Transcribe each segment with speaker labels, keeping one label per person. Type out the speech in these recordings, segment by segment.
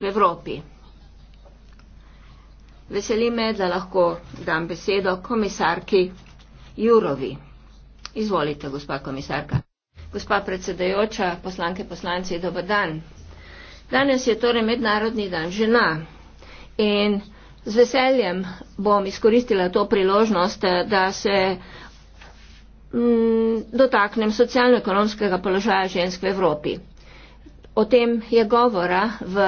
Speaker 1: v Evropi. Veseli me, da lahko dam besedo komisarki Jurovi. Izvolite, gospa komisarka. Gospa predsedajoča, poslanke, poslanci, dober dan. Danes je torej mednarodni dan žena in z veseljem bom izkoristila to priložnost, da se mm, dotaknem socialno-ekonomskega položaja žensk v Evropi. O tem je govora v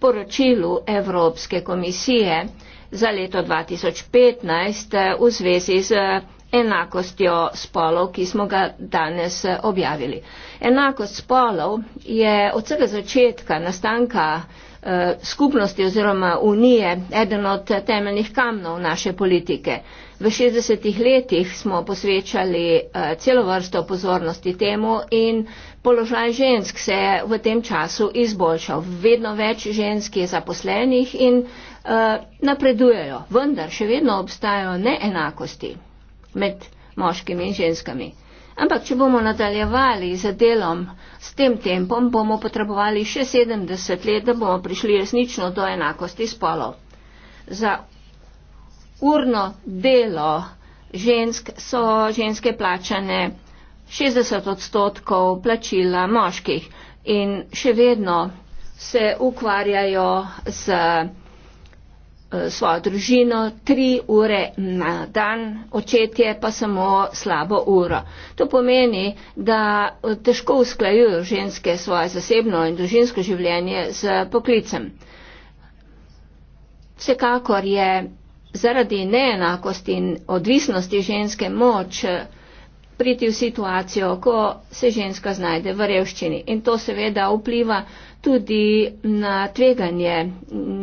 Speaker 1: poročilu Evropske komisije za leto 2015 eh, v zvezi z eh, enakostjo spolov, ki smo ga danes eh, objavili. Enakost spolov je od vsega začetka nastanka skupnosti oziroma unije eden od temeljnih kamnov naše politike. V 60-ih letih smo posvečali eh, celo vrsto pozornosti temu in položaj žensk se je v tem času izboljšal. Vedno več žensk je zaposlenih in eh, napredujejo, vendar še vedno obstajajo neenakosti med moškimi in ženskami. Ampak, če bomo nadaljevali z delom s tem tempom, bomo potrebovali še 70 let, da bomo prišli resnično do enakosti spolov. Za urno delo žensk so ženske plačane 60 odstotkov plačila moških in še vedno se ukvarjajo s eh, svojo družino tri ure na dan, očetje pa samo slabo uro. To pomeni, da eh, težko usklajujo ženske svoje zasebno in družinsko življenje z poklicem. Vsekakor je zaradi neenakosti in odvisnosti ženske moč eh, priti v situacijo, ko se ženska znajde v revščini. In to seveda vpliva tudi na tveganje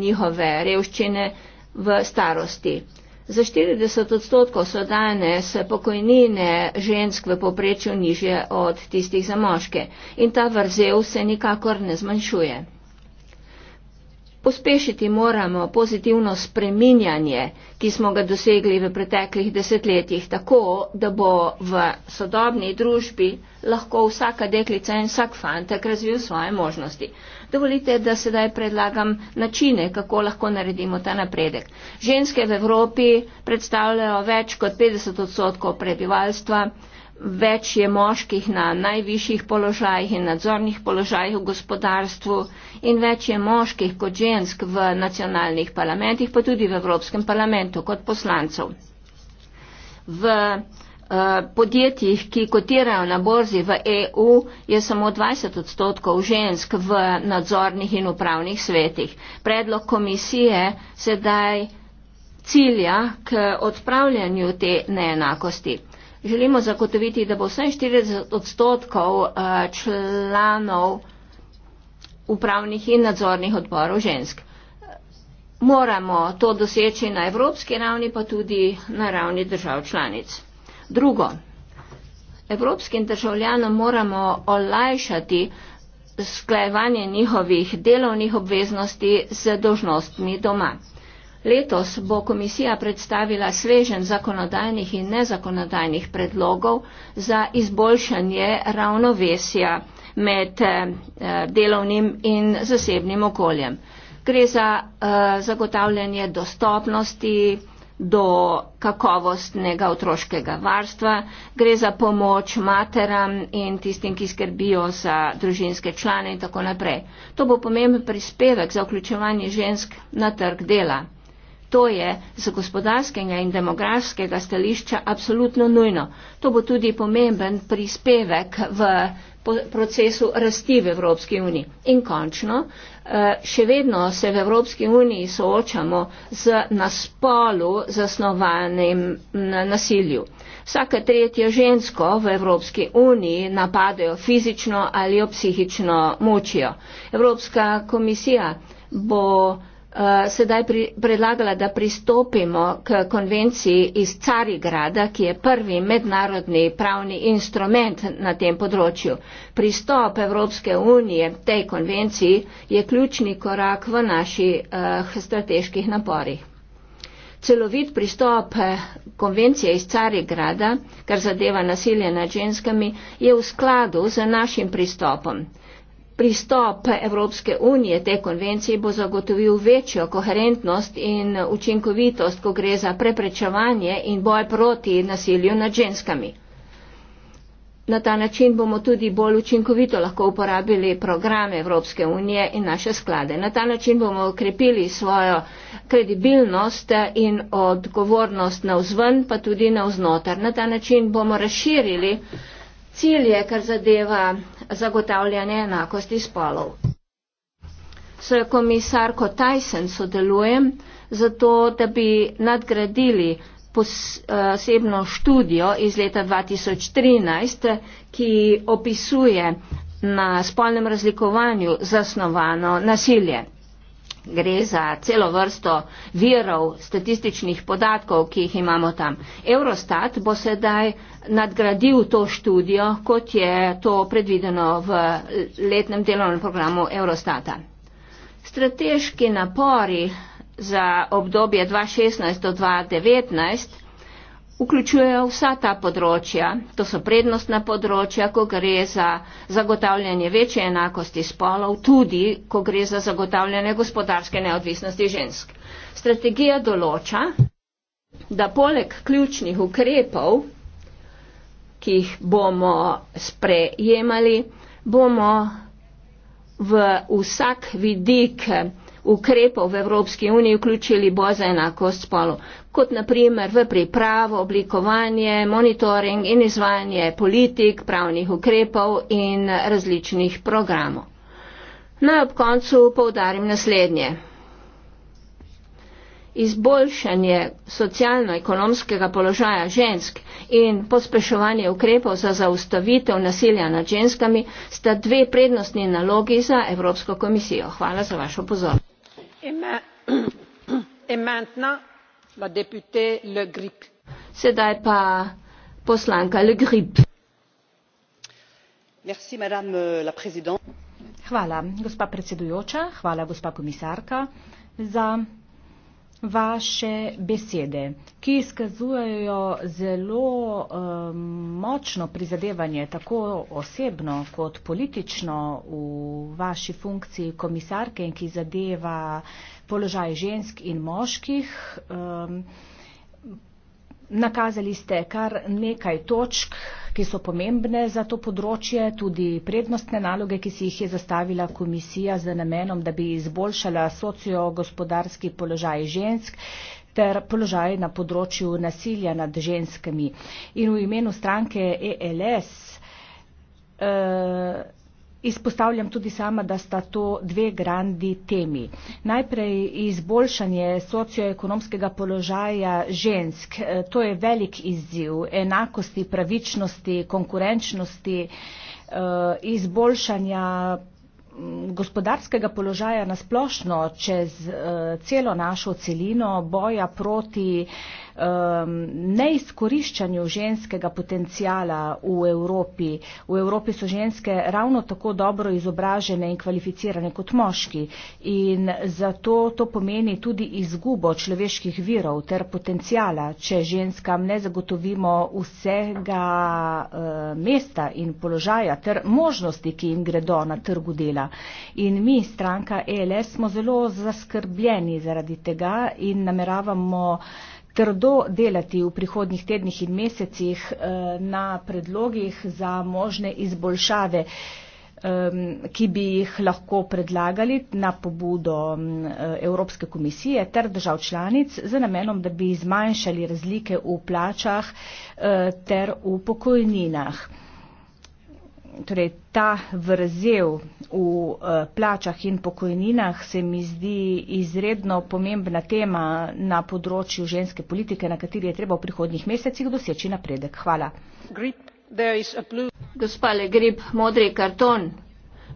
Speaker 1: njihove revščine v starosti. Za 40 odstotkov so danes pokojnine žensk v poprečju niže od tistih za moške in ta vrzel se nikakor ne zmanjšuje. Pospešiti moramo pozitivno spreminjanje, ki smo ga dosegli v preteklih desetletjih, tako da bo v sodobni družbi lahko vsaka deklica in vsak fantek razvil svoje možnosti. Dovolite, da sedaj predlagam načine, kako lahko naredimo ta napredek. Ženske v Evropi predstavljajo več kot 50 odstotkov prebivalstva več je moških na najvišjih položajih in nadzornih položajih v gospodarstvu in več je moških kot žensk v nacionalnih parlamentih, pa tudi v Evropskem parlamentu kot poslancev. V uh, podjetjih, ki kotirajo na borzi v EU, je samo 20 odstotkov žensk v nadzornih in upravnih svetih. Predlog komisije sedaj cilja k odpravljanju te neenakosti želimo zagotoviti, da bo 47 odstotkov eh, članov upravnih in nadzornih odborov žensk. Moramo to doseči na evropski ravni, pa tudi na ravni držav članic. Drugo, evropskim državljanom moramo olajšati sklajevanje njihovih delovnih obveznosti z dožnostmi doma. Letos bo komisija predstavila svežen zakonodajnih in nezakonodajnih predlogov za izboljšanje ravnovesja med eh, delovnim in zasebnim okoljem. Gre za eh, zagotavljanje dostopnosti do kakovostnega otroškega varstva, gre za pomoč materam in tistim, ki skrbijo za družinske člane in tako naprej. To bo pomemben prispevek za vključevanje žensk na trg dela. To je z gospodarskega in demografskega stališča absolutno nujno. To bo tudi pomemben prispevek v procesu rasti v Evropski uniji. In končno, eh, še vedno se v Evropski uniji soočamo z naspolu zasnovanim nasilju. Vsaka tretja žensko v Evropski uniji napadajo fizično ali jo psihično močijo. Evropska komisija bo uh, sedaj pri, predlagala, da pristopimo k konvenciji iz Carigrada, ki je prvi mednarodni pravni instrument na tem področju. Pristop Evropske unije tej konvenciji je ključni korak v naših eh, uh, strateških naporih. Celovit pristop eh, konvencije iz Carigrada, kar zadeva nasilje nad ženskami, je v skladu z našim pristopom. Pristop Evropske unije te konvencije bo zagotovil večjo koherentnost in učinkovitost, ko gre za preprečevanje in boj proti nasilju nad ženskami. Na ta način bomo tudi bolj učinkovito lahko uporabili programe Evropske unije in naše sklade. Na ta način bomo okrepili svojo kredibilnost in odgovornost na vzven, pa tudi na vznotar. Na ta način bomo razširili cilje, kar zadeva zagotavljanje enakosti spolov. S komisarko Tyson sodelujem, zato da bi nadgradili eh, posebno študijo iz leta 2013, ki opisuje na spolnem razlikovanju zasnovano nasilje gre za celo vrsto virov statističnih podatkov, ki jih imamo tam. Eurostat bo sedaj nadgradil to študijo, kot je to predvideno v letnem delovnem programu Eurostata. Strateški napori za obdobje 2016 do 2019 vključujejo vsa ta področja. To so prednostna področja, ko gre za zagotavljanje večje enakosti spolov, tudi ko gre za zagotavljanje gospodarske neodvisnosti žensk. Strategija določa, da poleg ključnih ukrepov, ki jih bomo sprejemali, bomo v vsak vidik ukrepov v Evropski uniji vključili bo za enakost spolu, kot naprimer v pripravo, oblikovanje, monitoring in izvajanje politik, pravnih ukrepov in različnih programov. Naj ob koncu povdarim naslednje. Izboljšanje socialno-ekonomskega položaja žensk in pospeševanje ukrepov za zaustavitev nasilja nad ženskami sta dve prednostni nalogi za Evropsko komisijo. Hvala za vašo pozornost. sedaj pa poslanka le grip
Speaker 2: euh, hvala gospa predsedujoča hvala gospa komisarka za vaše izvajanje vaše besede, ki izkazujejo zelo um, močno prizadevanje, tako osebno kot politično v vaši funkciji komisarke in ki zadeva položaj žensk in moških. Um, nakazali ste kar nekaj točk, uh, ki so pomembne za to področje, tudi prednostne naloge, ki si jih je zastavila komisija z namenom, da bi izboljšala sociogospodarski položaj žensk ter položaj na področju nasilja nad ženskami. In v imenu stranke ELS eh, Izpostavljam tudi sama, da sta to dve grandi temi. Najprej izboljšanje socioekonomskega položaja žensk, e, to je velik izziv enakosti, pravičnosti, konkurenčnosti, e, izboljšanja gospodarskega položaja nasplošno čez e, celo našo celino boja proti um, neizkoriščanju ženskega potencijala v Evropi. V Evropi so ženske ravno tako dobro izobražene in kvalificirane kot moški in zato to pomeni tudi izgubo človeških virov ter potencijala, če ženskam ne zagotovimo vsega uh, mesta in položaja ter možnosti, ki jim gredo na trgu dela. In mi, stranka ELS, smo zelo zaskrbljeni zaradi tega in nameravamo trdo delati v prihodnih tednih in mesecih eh, na predlogih za možne izboljšave ki bi jih lahko predlagali na pobudo Evropske komisije ter držav članic z namenom, da bi zmanjšali razlike v plačah eh, ter v pokojninah torej ta vrzel v eh, plačah in pokojninah se mi zdi izredno pomembna tema na področju ženske politike, na kateri je treba v prihodnjih mesecih doseči napredek. Hvala.
Speaker 1: Gospa Le Grip, modri karton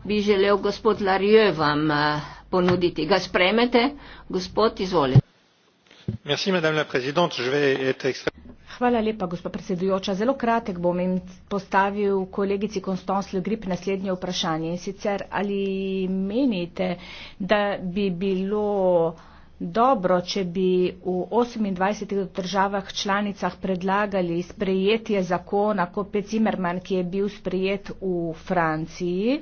Speaker 1: bi želel gospod Larjö vam eh, ponuditi. Ga
Speaker 2: sprejmete? Gospod, izvolite. Hvala lepa, gospod predsedujoča. Zelo kratek bom in postavil kolegici Konstantin Grip naslednje vprašanje. In sicer, ali menite, da bi bilo dobro, če bi v 28 državah članicah predlagali sprejetje zakona Kope Zimmerman, ki je bil sprejet v Franciji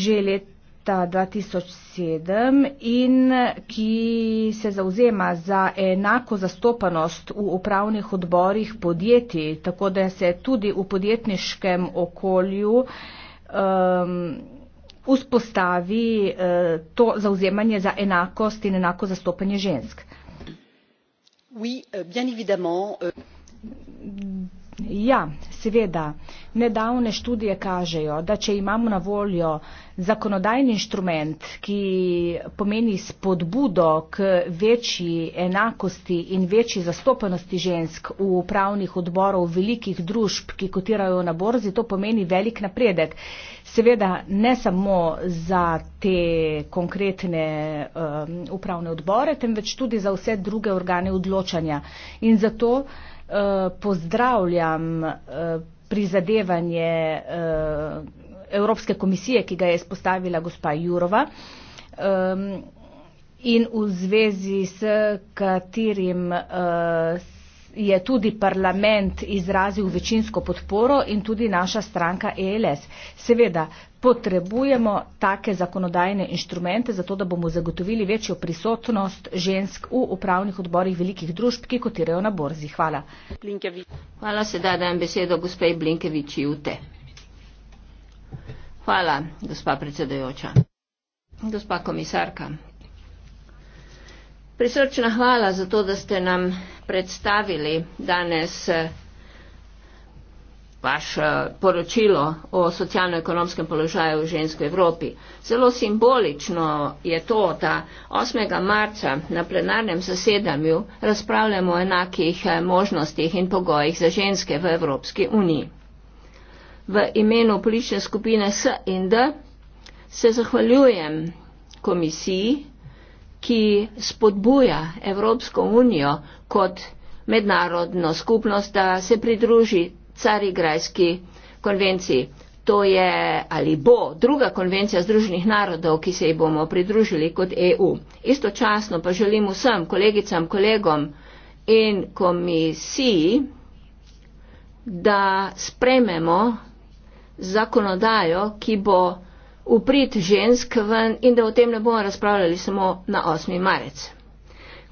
Speaker 2: že leta leta 2007 in ki se zauzema za enako zastopanost v upravnih odborih podjetij, tako da se tudi v podjetniškem okolju um, vzpostavi uh, to zauzemanje za enakost in enako zastopanje žensk.
Speaker 3: Oui, euh, bien
Speaker 2: Ja, seveda. Nedavne študije kažejo, da če imamo na voljo zakonodajni inštrument, ki pomeni spodbudo k večji enakosti in večji zastopanosti žensk v upravnih odborov velikih družb, ki kotirajo na borzi, to pomeni velik napredek. Seveda ne samo za te konkretne um, upravne odbore, temveč tudi za vse druge organe odločanja. In zato Eh, pozdravljam eh, prizadevanje eh, Evropske komisije, ki ga je spostavila gospa Jurova in v zvezi s katerim se je tudi parlament izrazil večinsko podporo in tudi naša stranka ELS. Seveda, potrebujemo take zakonodajne inštrumente, zato da bomo zagotovili večjo prisotnost žensk v upravnih odborih velikih družb, ki kotirajo na borzi. Hvala. Blinkevič. Hvala, sedaj dajem besedo gospej Blinkeviči Ute.
Speaker 1: Hvala, gospa predsedojoča. Gospa komisarka. Prisrčna hvala za to, da ste nam predstavili danes eh, vaš eh, poročilo o socialno-ekonomskem položaju v ženskoj Evropi. Zelo simbolično je to, da 8. marca na plenarnem zasedanju razpravljamo o enakih eh, možnostih in pogojih za ženske v Evropski uniji. V imenu politične skupine S in D se zahvaljujem komisiji ki spodbuja Evropsko unijo kot mednarodno skupnost, da se pridruži Carigrajski konvenciji. To je ali bo druga konvencija Združenih narodov, ki se ji bomo pridružili kot EU. Istočasno pa želim vsem kolegicam, kolegom in komisiji, da sprememo zakonodajo, ki bo uprit žensk ven in da o tem ne bomo razpravljali samo na 8. marec.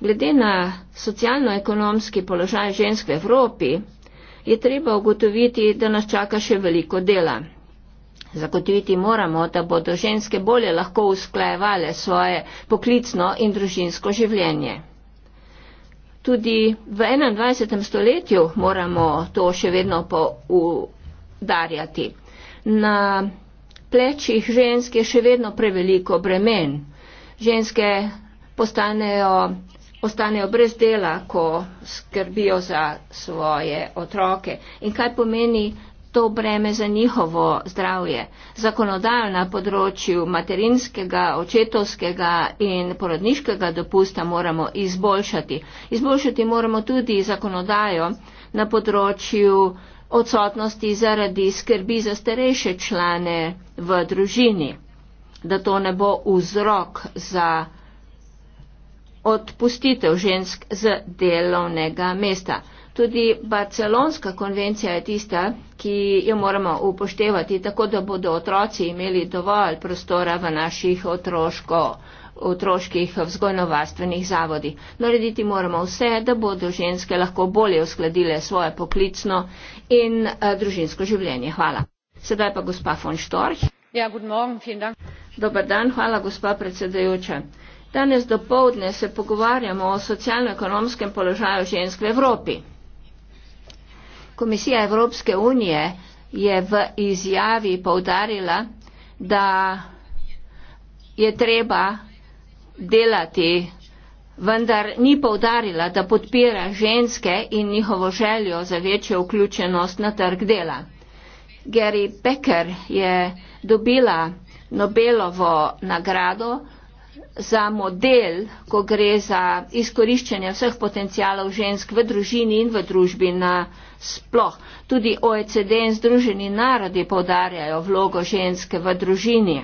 Speaker 1: Glede na socialno-ekonomski položaj žensk v Evropi je treba ugotoviti, da nas čaka še veliko dela. Zagotoviti moramo, da bodo ženske bolje lahko usklajevale svoje poklicno in družinsko življenje. Tudi v 21. stoletju moramo to še vedno poudarjati. Na plečih žensk je še vedno preveliko bremen. Ženske postanejo, postanejo brez dela, ko skrbijo za svoje otroke. In kaj pomeni to breme za njihovo zdravje? Zakonodaj na področju materinskega, očetovskega in porodniškega dopusta moramo izboljšati. Izboljšati moramo tudi zakonodajo na področju odsotnosti zaradi skrbi za starejše člane v družini, da to ne bo vzrok za odpustitev žensk z delovnega mesta. Tudi Barcelonska konvencija je tista, ki jo moramo upoštevati, tako da bodo otroci imeli dovolj prostora v naših otroško otroških vzgojno-varstvenih zavodih. Narediti moramo vse, da bodo ženske lahko bolje uskladile svoje poklicno in uh, družinsko življenje. Hvala. Sedaj pa gospa von Storch. Ja, Dobar dan, hvala gospa predsedajoča. Danes do povdne se pogovarjamo o socialno-ekonomskem položaju žensk v Evropi. Komisija Evropske unije je v izjavi povdarila, da je treba delati vendar ni povdarila, da podpira ženske in njihovo željo za večjo vključenost na trg dela. Gary Becker je dobila Nobelovo nagrado za model, ko gre za izkoriščanje vseh potencijalov žensk v družini in v družbi na sploh. Tudi OECD in Združeni narodi povdarjajo vlogo ženske v družini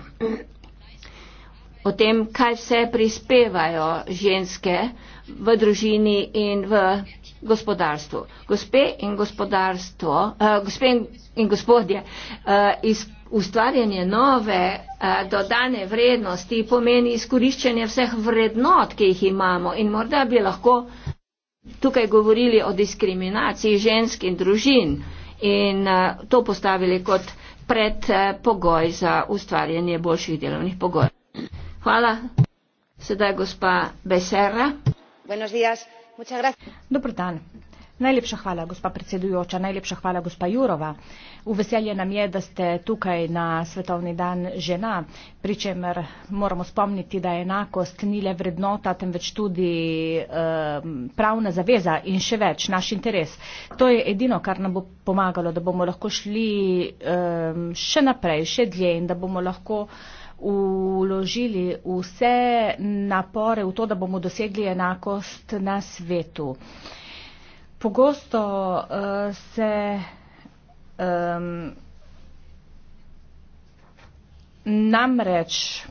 Speaker 1: o tem, kaj vse prispevajo ženske v družini in v gospodarstvu. Gospe in, gospodarstvo, uh, gospe in, in gospodje, uh, iz, ustvarjanje nove uh, dodane vrednosti pomeni izkoriščanje vseh vrednot, ki jih imamo in morda bi lahko tukaj govorili o diskriminaciji žensk in družin in uh, to postavili kot predpogoj uh, za ustvarjanje boljših delovnih pogojev. Hvala. Sedaj gospa
Speaker 2: Becerra. Dobro dan. Najlepša hvala, gospa predsedujoča, najlepša hvala, gospa Jurova. Uveselje nam je, da ste tukaj na Svetovni dan žena, pri čemer moramo spomniti, da enakost ni le vrednota, temveč tudi um, pravna zaveza in še več naš interes. To je edino, kar nam bo pomagalo, da bomo lahko šli um, še naprej, še dlje in da bomo lahko uh, vložili vse napore v to, da bomo dosegli enakost na svetu. Pogosto uh, se um, namreč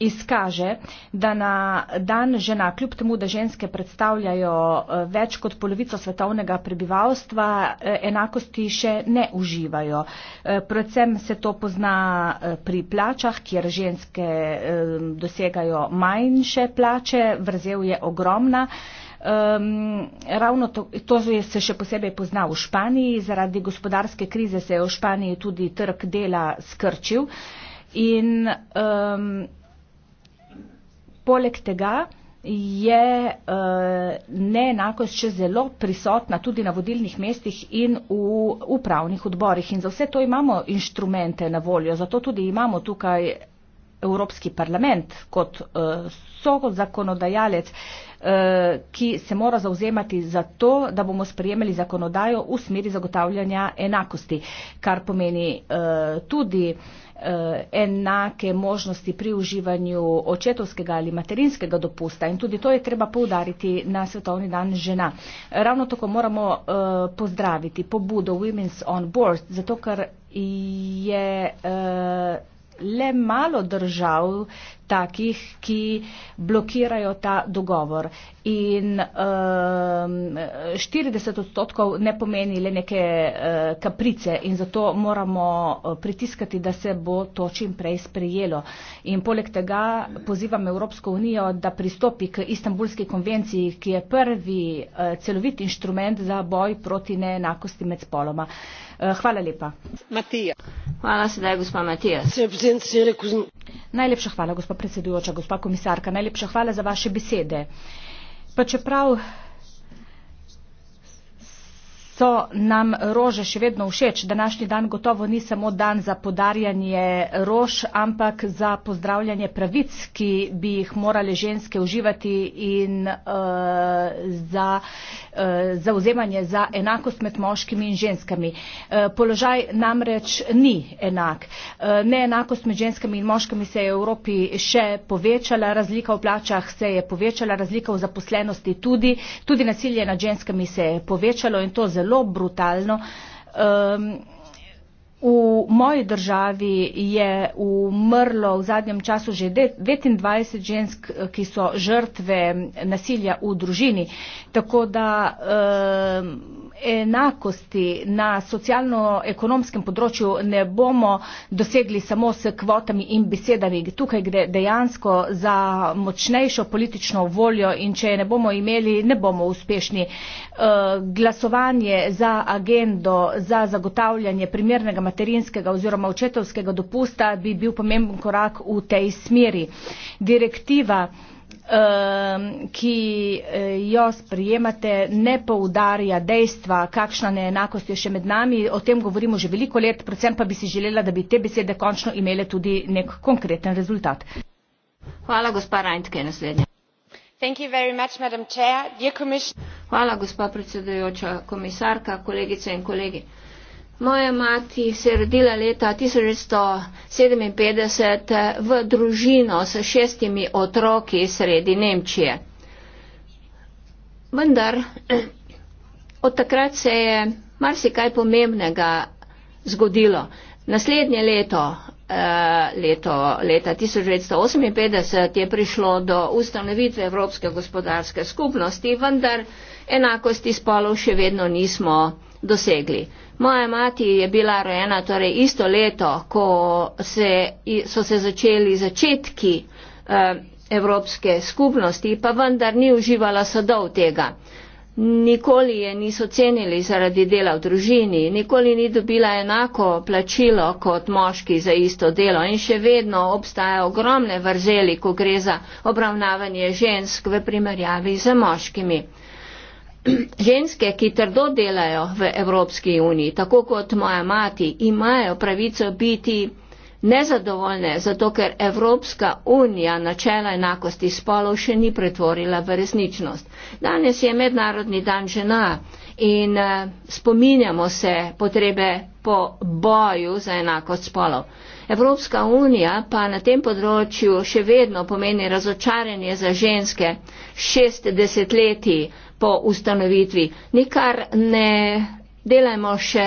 Speaker 2: izkaže, da na dan žena, kljub temu, da ženske predstavljajo eh, več kot polovico svetovnega prebivalstva, eh, enakosti še ne uživajo. Eh, predvsem se to pozna pri plačah, kjer ženske dosegajo manjše plače, vrzel je ogromna. Um, ravno to, to se še posebej pozna v Španiji, zaradi gospodarske krize se je v Španiji tudi trg dela skrčil. In, um, Poleg tega je uh, neenakost še zelo prisotna tudi na vodilnih mestih in v upravnih odborih. In za vse to imamo inštrumente na voljo, zato tudi imamo tukaj Evropski parlament kot uh, sozakonodajalec, uh, ki se mora zauzemati za to, da bomo sprejemali zakonodajo v smeri zagotavljanja enakosti, kar pomeni uh, tudi uh, enake možnosti pri uživanju očetovskega ali materinskega dopusta. In tudi to je treba poudariti na Svetovni dan žena. Ravno tako moramo uh, pozdraviti pobudo Women's on Board, zato ker je. Uh, le malo držav takih, ki blokirajo ta dogovor. In um, ehm, 40 odstotkov ne pomeni le neke uh, kaprice in zato moramo eh, pritiskati, da se bo to čim prej sprejelo. In poleg tega pozivam Evropsko unijo, da pristopi k Istanbulski konvenciji, ki je prvi uh, celovit inštrument za boj proti neenakosti med spoloma. Uh, hvala lepa. Matija. Hvala sedaj, gospod Matija. Najlepša hvala, gospod predsedujoča, gospa komisarka, najlepša hvala za vaše besede. Pa čeprav so nam rože še vedno všeč. Današnji dan gotovo ni samo dan za podarjanje rož, ampak za pozdravljanje pravic, ki bi jih morale ženske uživati in uh, za uh, zauzemanje za enakost med moškimi in ženskami. Uh, položaj namreč ni enak. Uh, neenakost med ženskami in moškimi se je v Evropi še povečala, razlika v plačah se je povečala, razlika v zaposlenosti tudi, tudi nasilje nad ženskami se je povečalo in to zelo zelo brutalno. Um, v moji državi je umrlo v zadnjem času že 29 žensk, ki so žrtve nasilja v družini. Tako da. Um, enakosti na socialno-ekonomskem področju ne bomo dosegli samo s kvotami in besedami. Tukaj gre dejansko za močnejšo politično voljo in če je ne bomo imeli, ne bomo uspešni. Eh, glasovanje za agendo, za zagotavljanje primernega materinskega oziroma očetovskega dopusta bi bil pomemben korak v tej smeri. Direktiva ki eh, jo sprijemate, ne poudarja dejstva, kakšna neenakost je še med nami. O tem govorimo že veliko let, predvsem pa bi si želela, da bi te besede končno imele tudi nek konkreten rezultat.
Speaker 1: Hvala, gospa Rajntke, naslednja. Much, Chair, Hvala, gospa predsedujoča komisarka, kolegice in kolegi. Moja mati se je rodila leta 1957 v družino s šestimi otroki sredi Nemčije. Vendar od takrat se je marsikaj pomembnega zgodilo. Naslednje leto, eh, leto leta 1958, je prišlo do ustanovitve Evropske gospodarske skupnosti, vendar enakosti spolov še vedno nismo dosegli. Moja mati je bila rojena torej isto leto, ko se, so se začeli začetki eh, Evropske skupnosti, pa vendar ni uživala sadov tega. Nikoli je niso cenili zaradi dela v družini, nikoli ni dobila enako plačilo kot moški za isto delo in še vedno obstajajo ogromne vrzeli, ko gre za obravnavanje žensk v primerjavi z moškimi ženske, ki trdo delajo v Evropski uniji, tako kot moja mati, imajo pravico biti nezadovoljne, zato ker Evropska unija načela enakosti spolov še ni pretvorila v resničnost. Danes je mednarodni dan žena in eh, spominjamo se potrebe po boju za enakost spolov. Evropska unija pa na tem področju še vedno pomeni razočaranje za ženske šest desetletij po ustanovitvi. Nikar ne delajmo še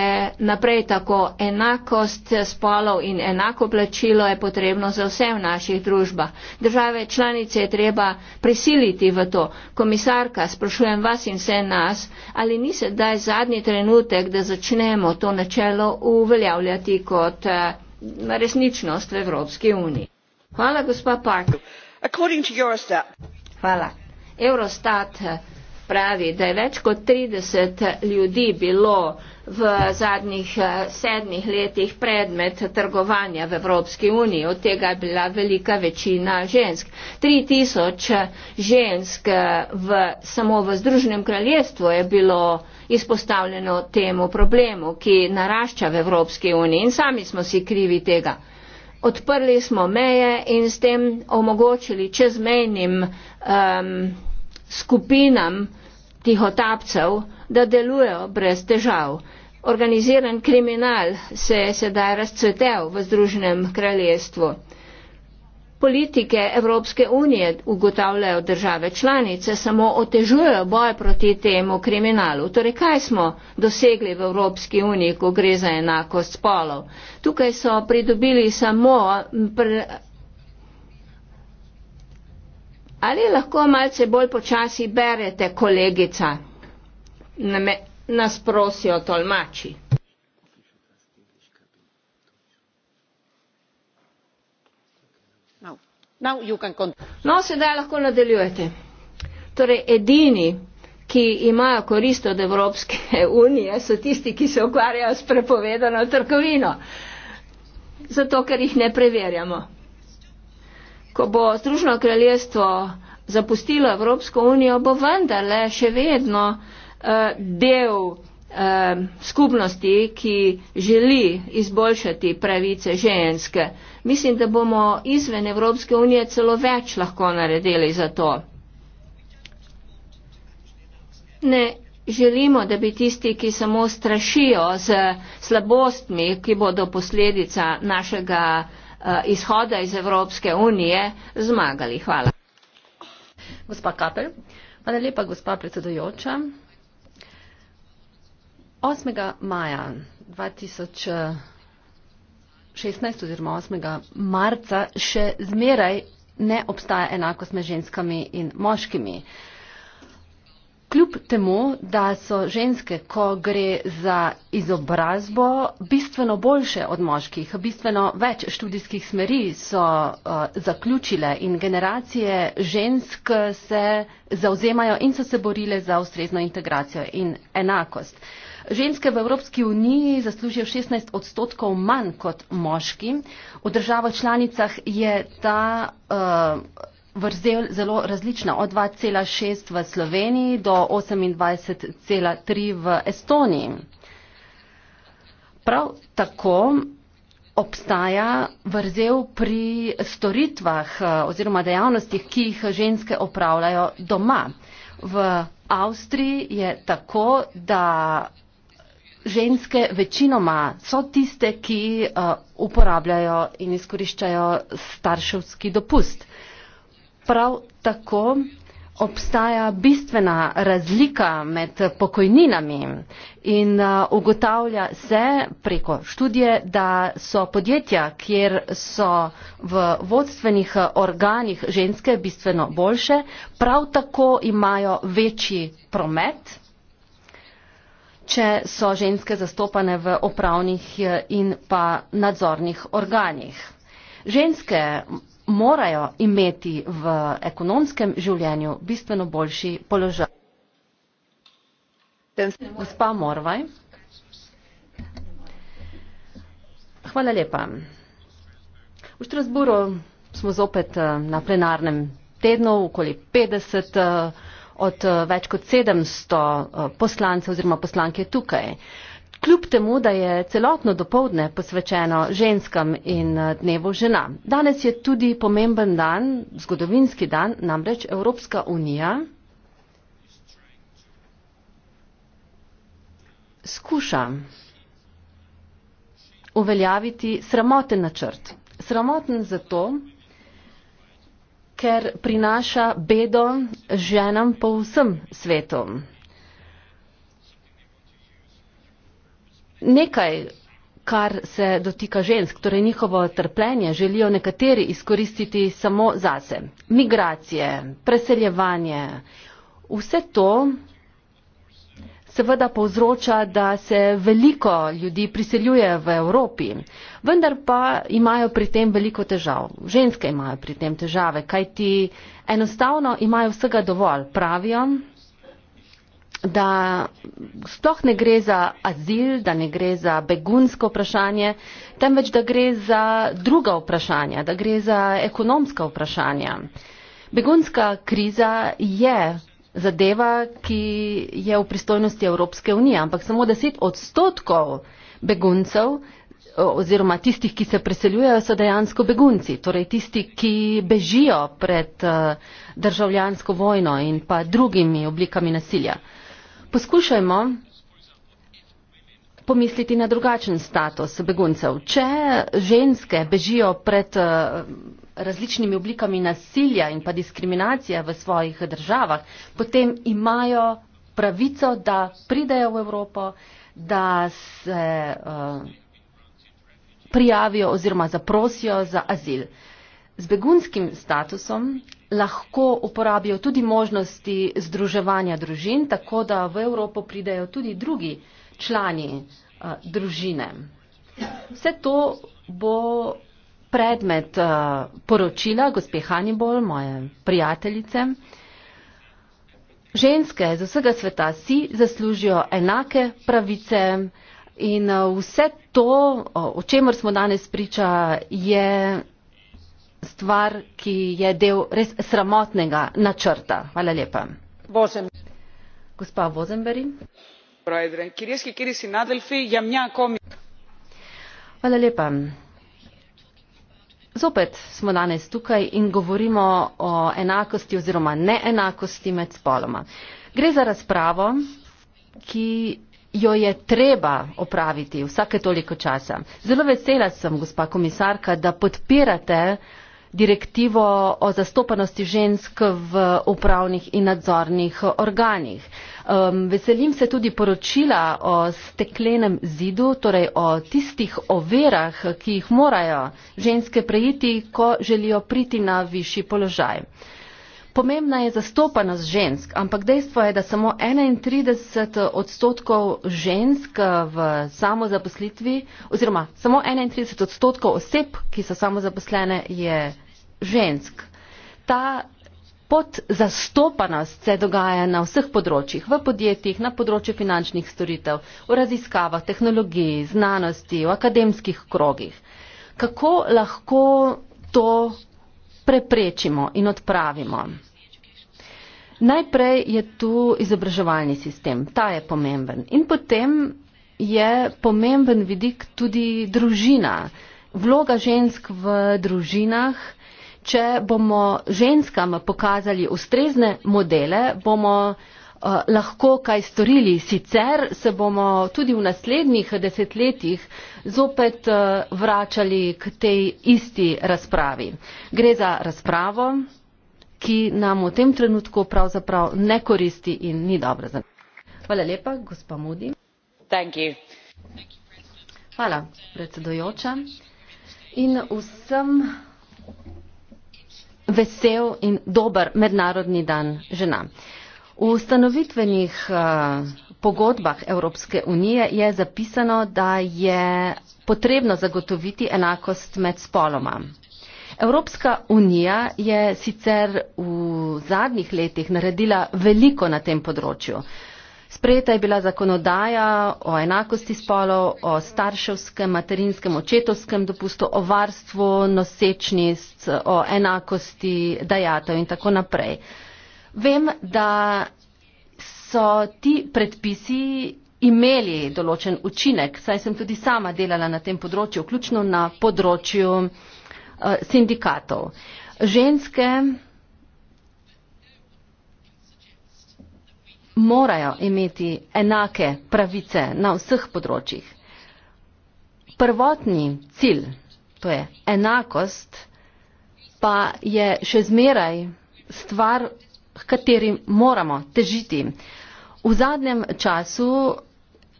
Speaker 1: naprej tako. Enakost spolov in enako plačilo je potrebno za vse v naših družbah. Države članice je treba prisiliti v to. Komisarka, sprašujem vas in vse nas, ali ni sedaj zadnji trenutek, da začnemo to načelo uveljavljati kot eh, resničnost v Evropski uniji. Hvala, gospa Park. Hvala. Eurostat eh, pravi, da je več kot 30 ljudi bilo v zadnjih eh, sedmih letih predmet trgovanja v Evropski uniji, od tega je bila velika večina žensk. 3000 eh, žensk eh, v, samo v Združenem kraljestvu je bilo izpostavljeno temu problemu, ki narašča v Evropski uniji in sami smo si krivi tega. Odprli smo meje in s tem omogočili čezmejnim um, skupinam, tihotapcev, da delujejo brez težav. Organiziran kriminal se je sedaj razcvetel v Združenem kraljestvu. Politike Evropske unije ugotavljajo države članice, samo otežujejo boj proti temu kriminalu. Torej, kaj smo dosegli v Evropski uniji, ko gre za enakost spolov? Tukaj so pridobili samo Ali lahko malce bolj počasi berete, kolegica? Name, nas prosijo tolmači. No, sedaj lahko nadaljujete. Torej, edini, ki imajo korist od Evropske unije, so tisti, ki se ukvarjajo s prepovedano trgovino. Zato, ker jih ne preverjamo ko bo Združeno kraljestvo zapustilo Evropsko unijo, bo vendarle še vedno uh, del uh, skupnosti, ki želi izboljšati pravice ženske. Mislim, da bomo izven Evropske unije celo več lahko naredili za to. Ne želimo, da bi tisti, ki samo strašijo z slabostmi, ki bodo posledica našega Eh, izhoda iz Evropske unije zmagali.
Speaker 3: Hvala. Gospa Kapel, hvala lepa, gospa predsedujoča. 8. maja 2016 oziroma 8. marca še zmeraj ne obstaja enakost med ženskami in moškimi. Uh, Kljub temu, da so ženske, ko gre za izobrazbo, bistveno boljše od moških, bistveno več študijskih smeri so uh, zaključile in generacije žensk se zauzemajo in so se borile za ustrezno integracijo in enakost. Ženske v Evropski uniji zaslužijo 16 odstotkov manj kot moški. V državah članicah je ta. Uh, vrzel zelo različna, od 2,6 v Sloveniji do 28,3 v Estoniji. Prav tako obstaja vrzel pri storitvah eh, oziroma dejavnostih, ki jih ženske opravljajo doma. V Avstriji je tako, da ženske večinoma so tiste, ki eh, uporabljajo in izkoriščajo starševski dopust prav tako obstaja bistvena razlika med pokojninami in ugotavlja se preko študije, da so podjetja, kjer so v vodstvenih organih ženske bistveno boljše, prav tako imajo večji promet, če so ženske zastopane v upravnih in pa nadzornih organih. Ženske morajo imeti v ekonomskem življenju bistveno boljši položaj. Gospa Morvaj. Hvala lepa. V Štrasburu smo zopet eh, na plenarnem tednu, okoli 50 eh, od eh, več kot 700 poslancev oziroma poslanke tukaj. Kljub temu, da je celotno dopoledne posvečeno ženskam in eh, dnevu žena. Danes je tudi pomemben dan, zgodovinski dan, namreč Evropska unija skuša uveljaviti sramoten načrt. Sramoten zato, ker prinaša bedo ženam po vsem svetu. nekaj, kar se dotika žensk, torej njihovo trpljenje, želijo nekateri izkoristiti samo zase. Migracije, preseljevanje, vse to seveda povzroča, da se veliko ljudi priseljuje v Evropi, vendar pa imajo pri tem veliko težav. Ženske imajo pri tem težave, kajti enostavno imajo vsega dovolj, pravijo, da sploh ne gre za azil, da ne gre za begunsko vprašanje, temveč da gre za druga vprašanja, da gre za ekonomska vprašanja. Begunska kriza je zadeva, ki je v pristojnosti Evropske unije, ampak samo 10 odstotkov beguncev oziroma tistih, ki se preseljujejo, so dejansko begunci, torej tisti, ki bežijo pred eh, državljansko vojno in pa drugimi oblikami nasilja. Poskušajmo pomisliti na drugačen status beguncev. Če ženske bežijo pred eh, različnimi oblikami nasilja in pa diskriminacije v svojih državah, potem imajo pravico, da pridejo v Evropo, da se uh, prijavijo oziroma zaprosijo za azil. Z begunskim statusom lahko uporabijo tudi možnosti združevanja družin, tako da v Evropo pridejo tudi drugi člani uh, družine. Vse to bo predmet uh, poročila gospe Hannibal, moje prijateljice. Ženske z vsega sveta si zaslužijo enake pravice in uh, vse to, uh, o čemer smo danes priča, je stvar, ki je del res sramotnega načrta. Hvala lepa.
Speaker 2: Bozem. Gospa Vozenberi. Ja
Speaker 3: Hvala lepa. Zopet smo danes tukaj in govorimo o enakosti oziroma neenakosti med spoloma. Gre za razpravo, ki jo je treba opraviti vsake toliko časa. Zelo vesela sem, gospa komisarka, da podpirate direktivo o zastopanosti žensk v upravnih in nadzornih organih. Um, veselim se tudi poročila o steklenem zidu, torej o tistih overah, ki jih morajo ženske prejiti, ko želijo priti na višji položaj. Pomembna je zastopanost žensk, ampak dejstvo je, da samo 31 odstotkov žensk eh, v samozaposlitvi, oziroma samo 31 odstotkov oseb, ki so samozaposlene, je žensk. Ta podzastopanost se dogaja na vseh področjih, v podjetjih, na področju finančnih storitev, v raziskavah, tehnologiji, znanosti, v akademskih krogih. Kako lahko to preprečimo in odpravimo. Najprej je tu izobraževalni sistem, ta je pomemben. In potem je pomemben vidik tudi družina, vloga žensk v družinah. Če bomo ženskam pokazali ustrezne modele, bomo uh, lahko kaj storili. Sicer se bomo tudi v naslednjih desetletjih zopet uh, vračali k tej isti razpravi. Gre za razpravo ki nam v tem trenutku pravzaprav ne koristi in ni dobra za nas. Hvala lepa, gospa Mudi. Hvala, predsedojoča. In vsem vesel in dober mednarodni dan žena. V ustanovitvenih eh, pogodbah Evropske unije je zapisano, da je potrebno zagotoviti enakost med spoloma. Evropska unija je sicer v zadnjih letih naredila veliko na tem področju. Sprejeta je bila zakonodaja o enakosti spolov, o starševskem, materinskem, očetovskem dopustu, o varstvu nosečnic, o enakosti dajatev in tako naprej. Vem, da so ti predpisi imeli določen učinek, saj sem tudi sama delala na tem področju, vključno na področju uh, Eh, sindikatov. Ženske morajo imeti enake pravice na vseh področjih. Prvotni cilj, to je enakost, pa je še zmeraj stvar, h kateri moramo težiti. V zadnjem času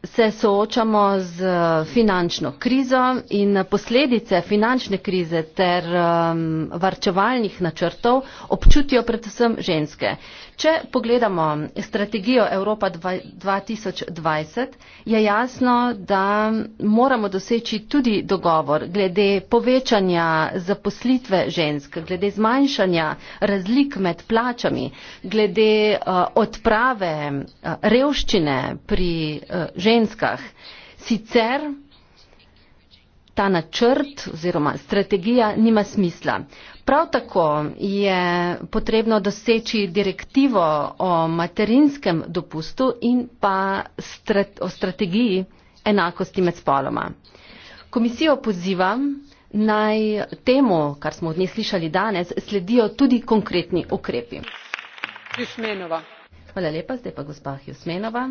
Speaker 3: se soočamo z eh, finančno krizo in posledice finančne krize ter um, varčevalnih načrtov občutijo predvsem ženske. Če pogledamo strategijo Evropa 2020, je jasno, da moramo doseči tudi dogovor glede povečanja zaposlitve žensk, glede zmanjšanja razlik med plačami, glede uh, odprave uh, revščine pri uh, ženskih ženskah. Sicer ta načrt oziroma strategija nima smisla. Prav tako je potrebno doseči direktivo o materinskem dopustu in pa strat o strategiji enakosti med spoloma. Komisijo pozivam naj temu, kar smo od nje slišali danes, sledijo tudi konkretni ukrepi. Hvala lepa, zdaj pa gospa Hjusmenova.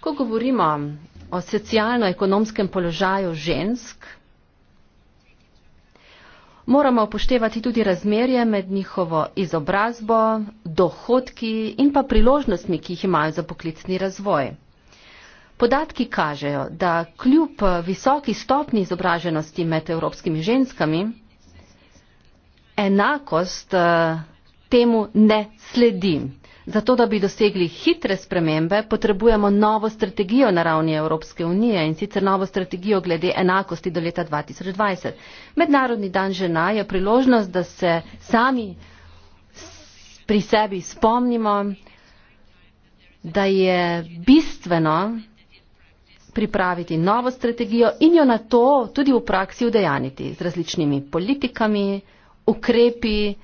Speaker 3: Ko govorimo o socialno-ekonomskem položaju žensk, moramo upoštevati tudi razmerje med njihovo izobrazbo, dohodki in pa priložnostmi, ki jih imajo za poklicni razvoj. Podatki kažejo, da kljub visoki stopni izobraženosti med evropskimi ženskami, enakost eh, temu ne sledi. Zato, da bi dosegli hitre spremembe, potrebujemo novo strategijo na ravni Evropske unije in sicer novo strategijo glede enakosti do leta 2020. Mednarodni dan žena je priložnost, da se sami pri sebi spomnimo, da je bistveno pripraviti novo strategijo in jo na to tudi v praksi udejaniti z različnimi politikami, ukrepi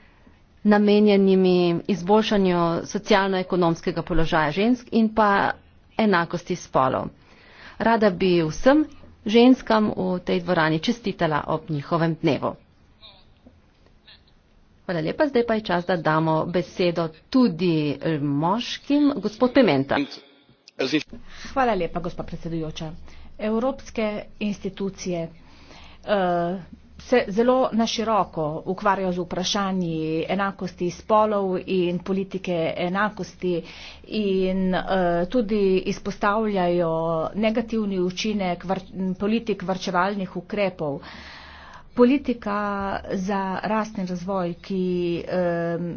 Speaker 3: namenjenimi izboljšanju socialno-ekonomskega položaja žensk in pa enakosti spolov. Rada bi vsem ženskam v tej dvorani čestitala ob njihovem dnevu. Hvala lepa, zdaj pa je čas, da damo besedo tudi eh, moškim. Gospod Pimenta.
Speaker 2: Hvala lepa, gospod predsedujoča. Evropske institucije, eh, se zelo naširoko ukvarjajo z vprašanji enakosti spolov in politike enakosti in uh, tudi izpostavljajo negativni učinek var, politik varčevalnih ukrepov. Politika za rastni razvoj, ki um,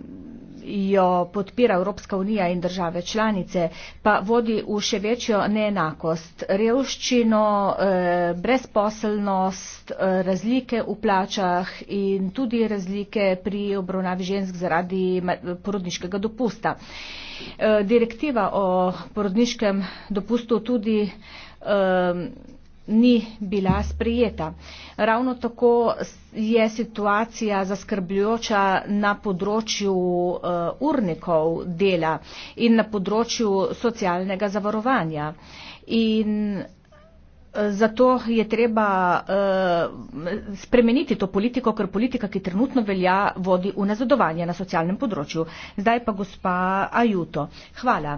Speaker 2: jo podpira Evropska unija in države članice, pa vodi v še večjo neenakost, revščino, eh, brezposelnost, eh, razlike v plačah in tudi razlike pri obravnavi žensk zaradi porodniškega dopusta. Eh, direktiva o porodniškem dopustu tudi ni bila sprejeta. Ravno tako je situacija zaskrbljujoča na področju eh, urnikov dela in na področju socialnega zavarovanja. In zato je treba uh, spremeniti to politiko, ker politika, ki trenutno velja, vodi v nazadovanje na socialnem področju. Zdaj pa gospa Ajuto. Hvala,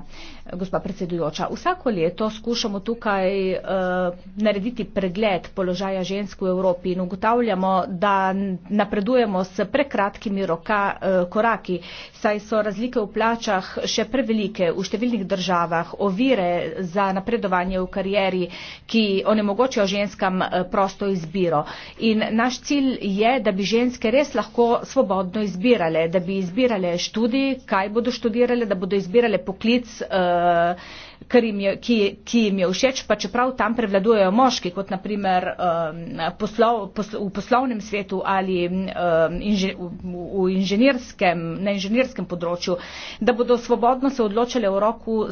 Speaker 2: gospa predsedujoča. Vsako leto skušamo tukaj uh, narediti pregled položaja žensk v Evropi in ugotavljamo, da napredujemo s prekratkimi roka, uh, koraki saj so razlike v plačah še prevelike v številnih državah, ovire za napredovanje v karieri, ki onemogočajo ženskam eh, prosto izbiro. In naš cilj je, da bi ženske res lahko svobodno izbirale, da bi izbirale študij, kaj bodo študirale, da bodo izbirale poklic. Uh, Je, ki, ki jim je všeč, pa čeprav tam prevladujejo moški, kot naprimer um, poslov, poslo, v poslovnem svetu ali um, inže, v, v inženirskem, na inženirskem področju, da bodo svobodno se odločali o, roku,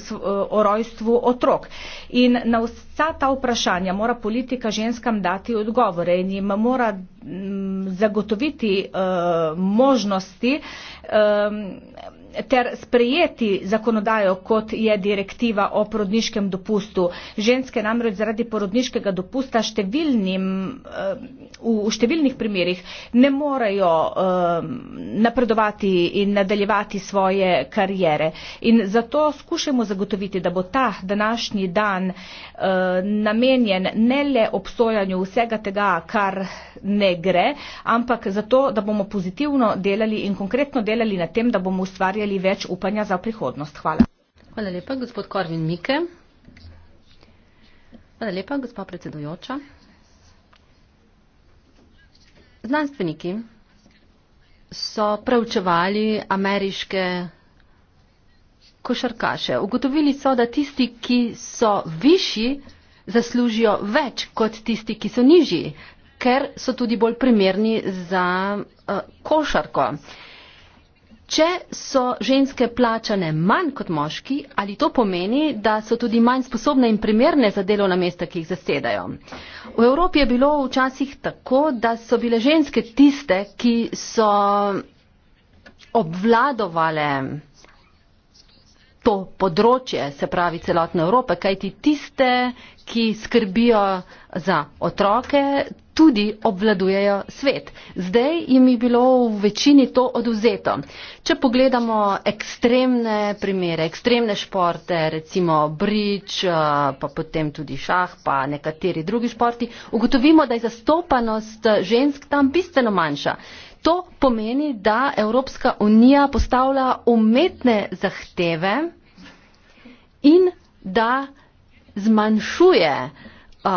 Speaker 2: o rojstvu otrok. In na vsa ta vprašanja mora politika ženskam dati odgovore in jim mora zagotoviti um, možnosti. Um, ter sprejeti zakonodajo, kot je direktiva o porodniškem dopustu. Ženske namreč zaradi porodniškega dopusta številnim, eh, v številnih primerjih ne morejo eh, napredovati in nadaljevati svoje karijere. In zato skušamo zagotoviti, da bo ta današnji dan eh, namenjen ne le obsojanju vsega tega, kar ne gre, ampak zato, da bomo pozitivno delali in konkretno delali na tem, da bomo ustvarjali razvijali več upanja za prihodnost. Hvala. Hvala lepa, gospod Korvin Mike. Hvala lepa, gospa predsedujoča.
Speaker 3: Znanstveniki so preučevali ameriške košarkaše. Ugotovili so, da tisti, ki so višji, zaslužijo več kot tisti, ki so nižji, ker so tudi bolj primerni za uh, košarko. Uh, Če so ženske plačane manj kot moški, ali to pomeni, da so tudi manj sposobne in primerne za delovna mesta, ki jih zasedajo? V Evropi je bilo včasih tako, da so bile ženske tiste, ki so obvladovale to področje, se pravi celotne Evrope, kajti tiste, ki skrbijo za otroke, tudi obvladujejo svet. Zdaj jim je bilo v večini to oduzeto. Če pogledamo ekstremne primere, ekstremne športe, recimo brič, eh, pa potem tudi šah, pa nekateri drugi športi, ugotovimo, da je zastopanost eh, žensk tam bistveno manjša. To pomeni, da Evropska unija postavlja umetne zahteve in da zmanjšuje uh,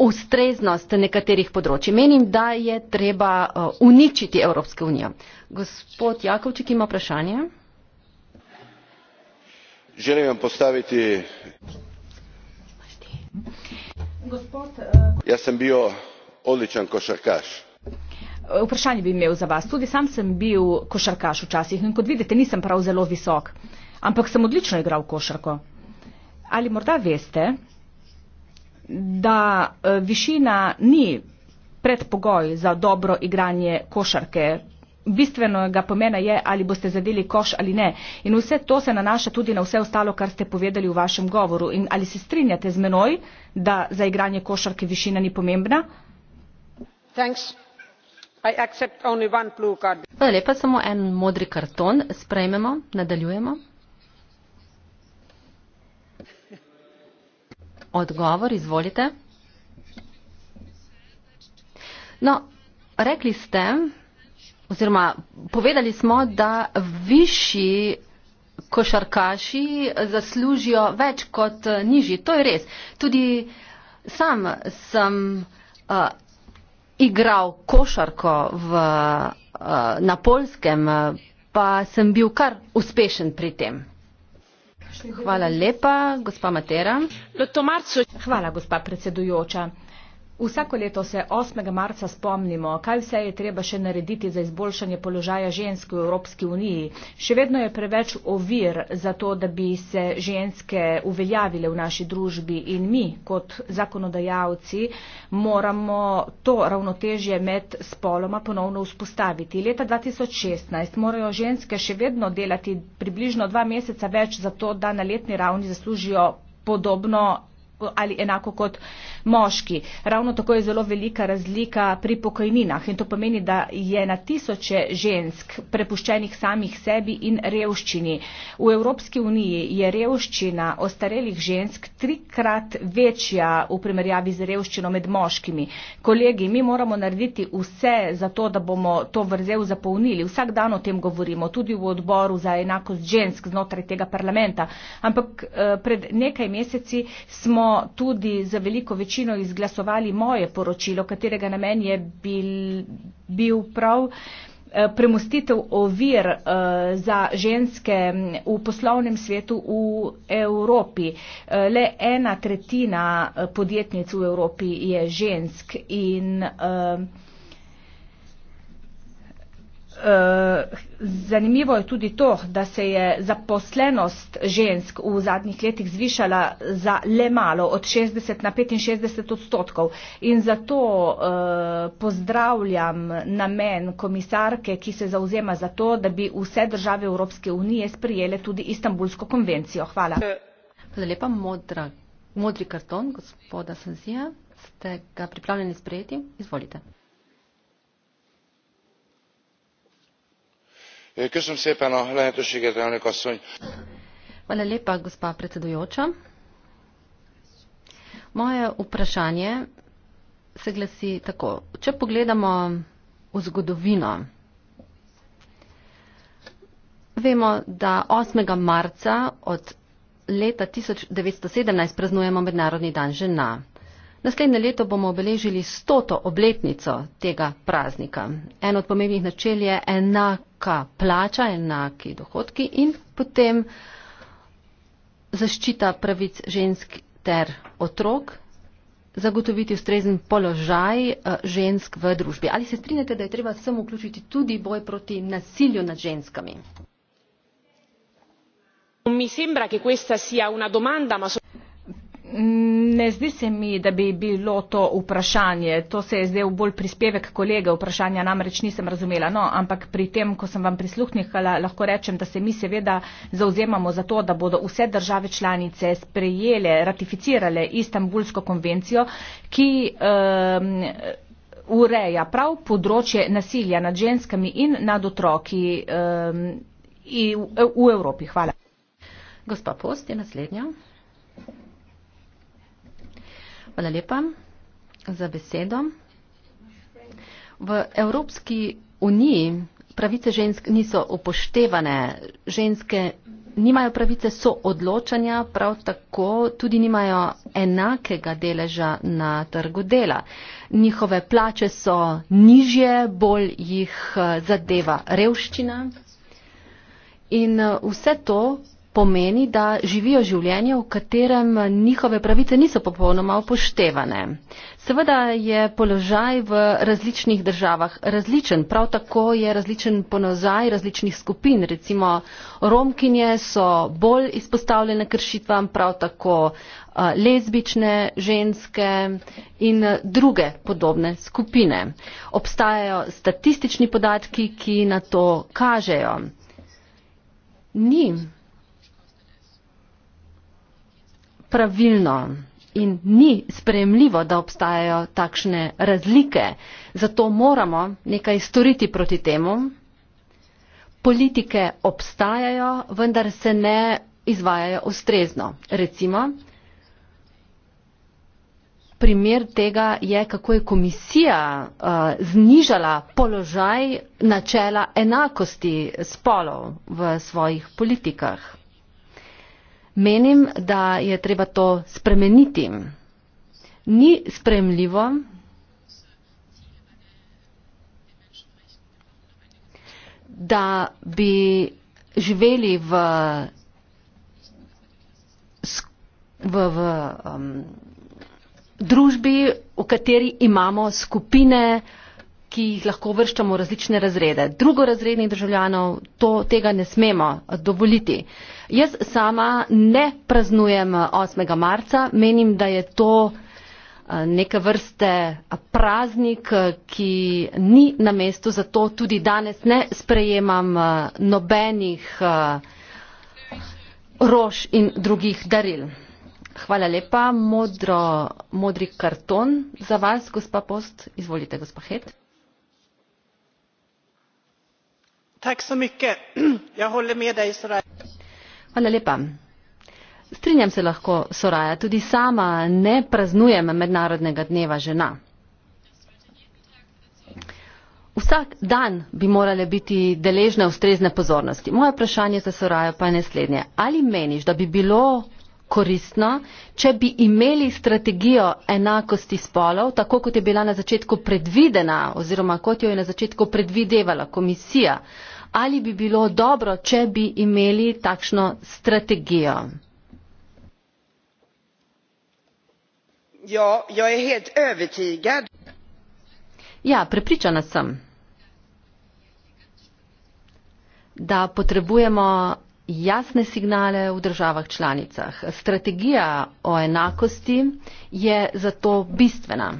Speaker 3: ustreznost nekaterih področji. Menim, da je treba eh, uničiti Evropsko unijo. Gospod Jakovčik ima vprašanje.
Speaker 1: Želim vam postaviti. Gospod, uh... Jaz sem bil odličen košarkaš.
Speaker 2: Vprašanje bi imel za vas. Tudi sam sem bil košarkaš včasih in kot vidite nisem prav zelo visok, ampak sem odlično igral košarko. Ali morda veste, da e, višina ni predpogoj za dobro igranje košarke. Bistvenega pomena je, ali boste zadeli koš ali ne. In vse to se nanaša tudi na vse ostalo, kar ste povedali v vašem govoru. In ali se strinjate z menoj, da za igranje košarke višina ni pomembna?
Speaker 3: Hvala lepa, samo en modri karton. Sprejmemo, nadaljujemo. Odgovor, izvolite. No, rekli ste, oziroma povedali smo, da višji košarkaši zaslužijo več kot nižji. To je res. Tudi sam sem uh, igral košarko v, uh, na polskem, eh, pa sem bil kar uspešen pri tem.
Speaker 2: Hvala lepa, gospa Matera. Hvala, gospa predsedujoča. Vsako leto se 8. marca spomnimo, kaj vse je treba še narediti za izboljšanje položaja žensk v Evropski uniji. Še vedno je preveč ovir za to, da bi se ženske uveljavile v naši družbi in mi kot zakonodajalci moramo to ravnotežje med spoloma ponovno vzpostaviti. Leta 2016 morajo ženske še vedno delati približno dva meseca več za to, da na letni ravni zaslužijo podobno ali enako kot moški. Ravno tako je zelo velika razlika pri pokojninah in to pomeni, da je na tisoče žensk prepuščenih samih sebi in revščini. V Evropski uniji je revščina ostarelih žensk trikrat večja v primerjavi z revščino med moškimi. Kolegi, mi moramo narediti vse za to, da bomo to vrzel zapolnili. Vsak dan o tem govorimo, tudi v odboru za enakost žensk znotraj tega parlamenta. Ampak eh, pred nekaj meseci smo tudi za veliko večino izglasovali moje poročilo, katerega namen je bil, bil prav eh, premustitev ovir eh, za ženske mm, v poslovnem svetu v Evropi. Eh, le ena tretjina podjetnic v Evropi je žensk in uh, Eh, zanimivo je tudi to, da se je zaposlenost žensk v zadnjih letih zvišala za le malo, od 60 na 65 odstotkov. In zato eh, pozdravljam namen komisarke, ki se zauzema za to, da bi vse države Evropske unije sprijele tudi Istanbulsko konvencijo. Hvala. Hvala lepa, modra. Modri karton, gospoda Sanzija, ste
Speaker 3: ga pripravljeni sprejeti? Izvolite. moje vprašanje se glasi tako če pogledamo v zgodovino vemo da osmega marca od leta tisoč devetsto sedemnajst praznujemo mednarodni dan žena Naslednje leto bomo obeležili stoto obletnico tega praznika. En od pomembnih načel je enaka plača, enaki dohodki in potem zaščita pravic žensk ter otrok, zagotoviti ustrezen položaj eh, žensk v družbi. Ali se strinjate, da je treba sem vključiti tudi boj proti nasilju nad ženskami?
Speaker 2: Mi sembra, da je to ena domanda. Ne zdi se mi, da bi bilo to vprašanje. To se je zdaj bolj prispevek kolega. Vprašanja namreč nisem razumela. No, ampak pri tem, ko sem vam prisluhnila, lahko rečem, da se mi seveda zauzemamo za to, da bodo vse države članice sprejele, ratificirale Istanbulsko konvencijo, ki. Um, ureja prav področje nasilja nad ženskami in nad otroki um, ehm, in v, v Evropi. Hvala. Gospa Post je naslednja. Hvala lepa
Speaker 3: za besedo. V Evropski uniji pravice žensk niso upoštevane. Ženske nimajo pravice soodločanja, prav tako tudi nimajo enakega deleža na trgu dela. Njihove plače so nižje, bolj jih eh, zadeva revščina. In eh, vse to pomeni, da živijo življenje, v katerem njihove pravice niso popolnoma upoštevane. Seveda je položaj v različnih državah različen, prav tako je različen ponozaj različnih skupin. Recimo romkinje so bolj izpostavljene kršitvam, prav tako lezbične ženske in druge podobne skupine. Obstajajo statistični podatki, ki na to kažejo. Ni pravilno in ni sprejemljivo, da obstajajo takšne razlike. Zato moramo nekaj storiti proti temu. Politike obstajajo, vendar se ne izvajajo ustrezno. Recimo, primer tega je, kako je komisija uh, znižala položaj načela enakosti spolov v svojih politikah. Menim, da je treba to spremeniti. Ni spremljivo, da bi živeli v, v, v um, družbi, v kateri imamo skupine, ki jih lahko vrščamo v različne razrede. Drugorazrednih državljanov to, tega ne smemo dovoliti. Jaz sama ne praznujem 8. Eh, marca, menim, da je to eh, neke vrste eh, praznik, ki ni na mestu, zato tudi danes ne sprejemam nobenih rož in drugih daril. Hvala lepa. Modro, modri karton za vas, gospa Post. Izvolite, gospa Het. strinjam se lahko soraya tudi sama ne praznujem mednarodnega dneva žena vsak dan bi morale biti deležne ustrezne pozornosti moje vprašanje za sorayo pa je naslednje ali meniš da bi bilo koristno, če bi imeli strategijo enakosti spolov, tako kot je bila na začetku predvidena oziroma kot jo je na začetku predvidevala komisija, ali bi bilo dobro, če bi imeli takšno strategijo?
Speaker 1: Ja, jo ja, je het övertigad.
Speaker 3: Ja, prepričana sem, da potrebujemo jasne signale v državah članicah. Strategija o enakosti je zato bistvena.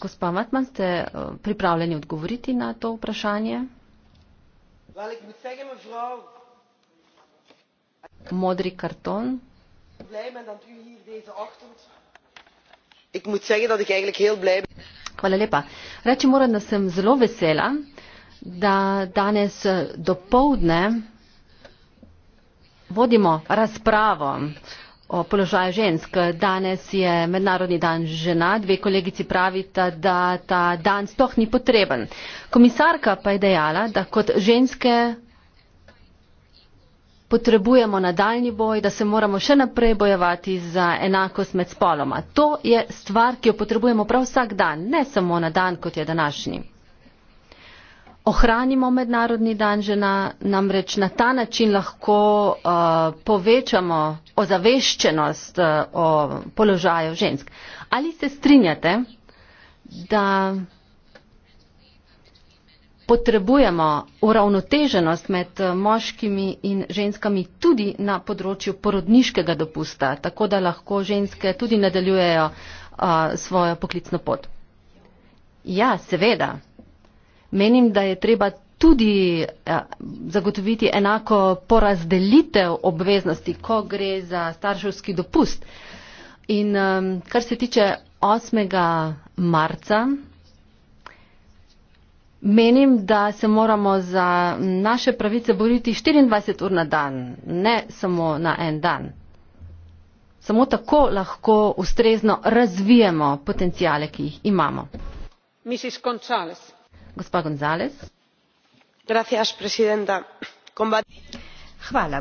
Speaker 3: Gospa Matman, ste eh, pripravljeni odgovoriti na to vprašanje? Modri karton. Hvala lepa. Reči moram, da sem zelo vesela, da danes eh, dopoldne vodimo razpravo o položaju žensk. Danes je mednarodni dan žena, dve kolegici pravita, da ta dan sploh ni potreben. Komisarka pa je dejala, da kot ženske potrebujemo nadaljni boj, da se moramo še naprej bojevati za enakost med spoloma. To je stvar, ki jo potrebujemo prav vsak dan, ne samo na dan, kot je današnji ohranimo mednarodni dan žena, namreč na ta način lahko uh, povečamo ozaveščenost uh, o položaju žensk. Ali se strinjate, da potrebujemo uravnoteženost med uh, moškimi in ženskami tudi na področju porodniškega dopusta, tako da lahko ženske tudi nadaljujejo uh, svojo poklicno pot? Ja, seveda. Menim, da je treba tudi eh, zagotoviti enako porazdelitev obveznosti, ko gre za starševski dopust. In ehm, kar se tiče 8. marca, menim, da se moramo za naše pravice boriti 24 ur na dan, ne samo na en dan. Samo tako lahko ustrezno razvijemo potencijale, ki jih imamo.
Speaker 2: Mrs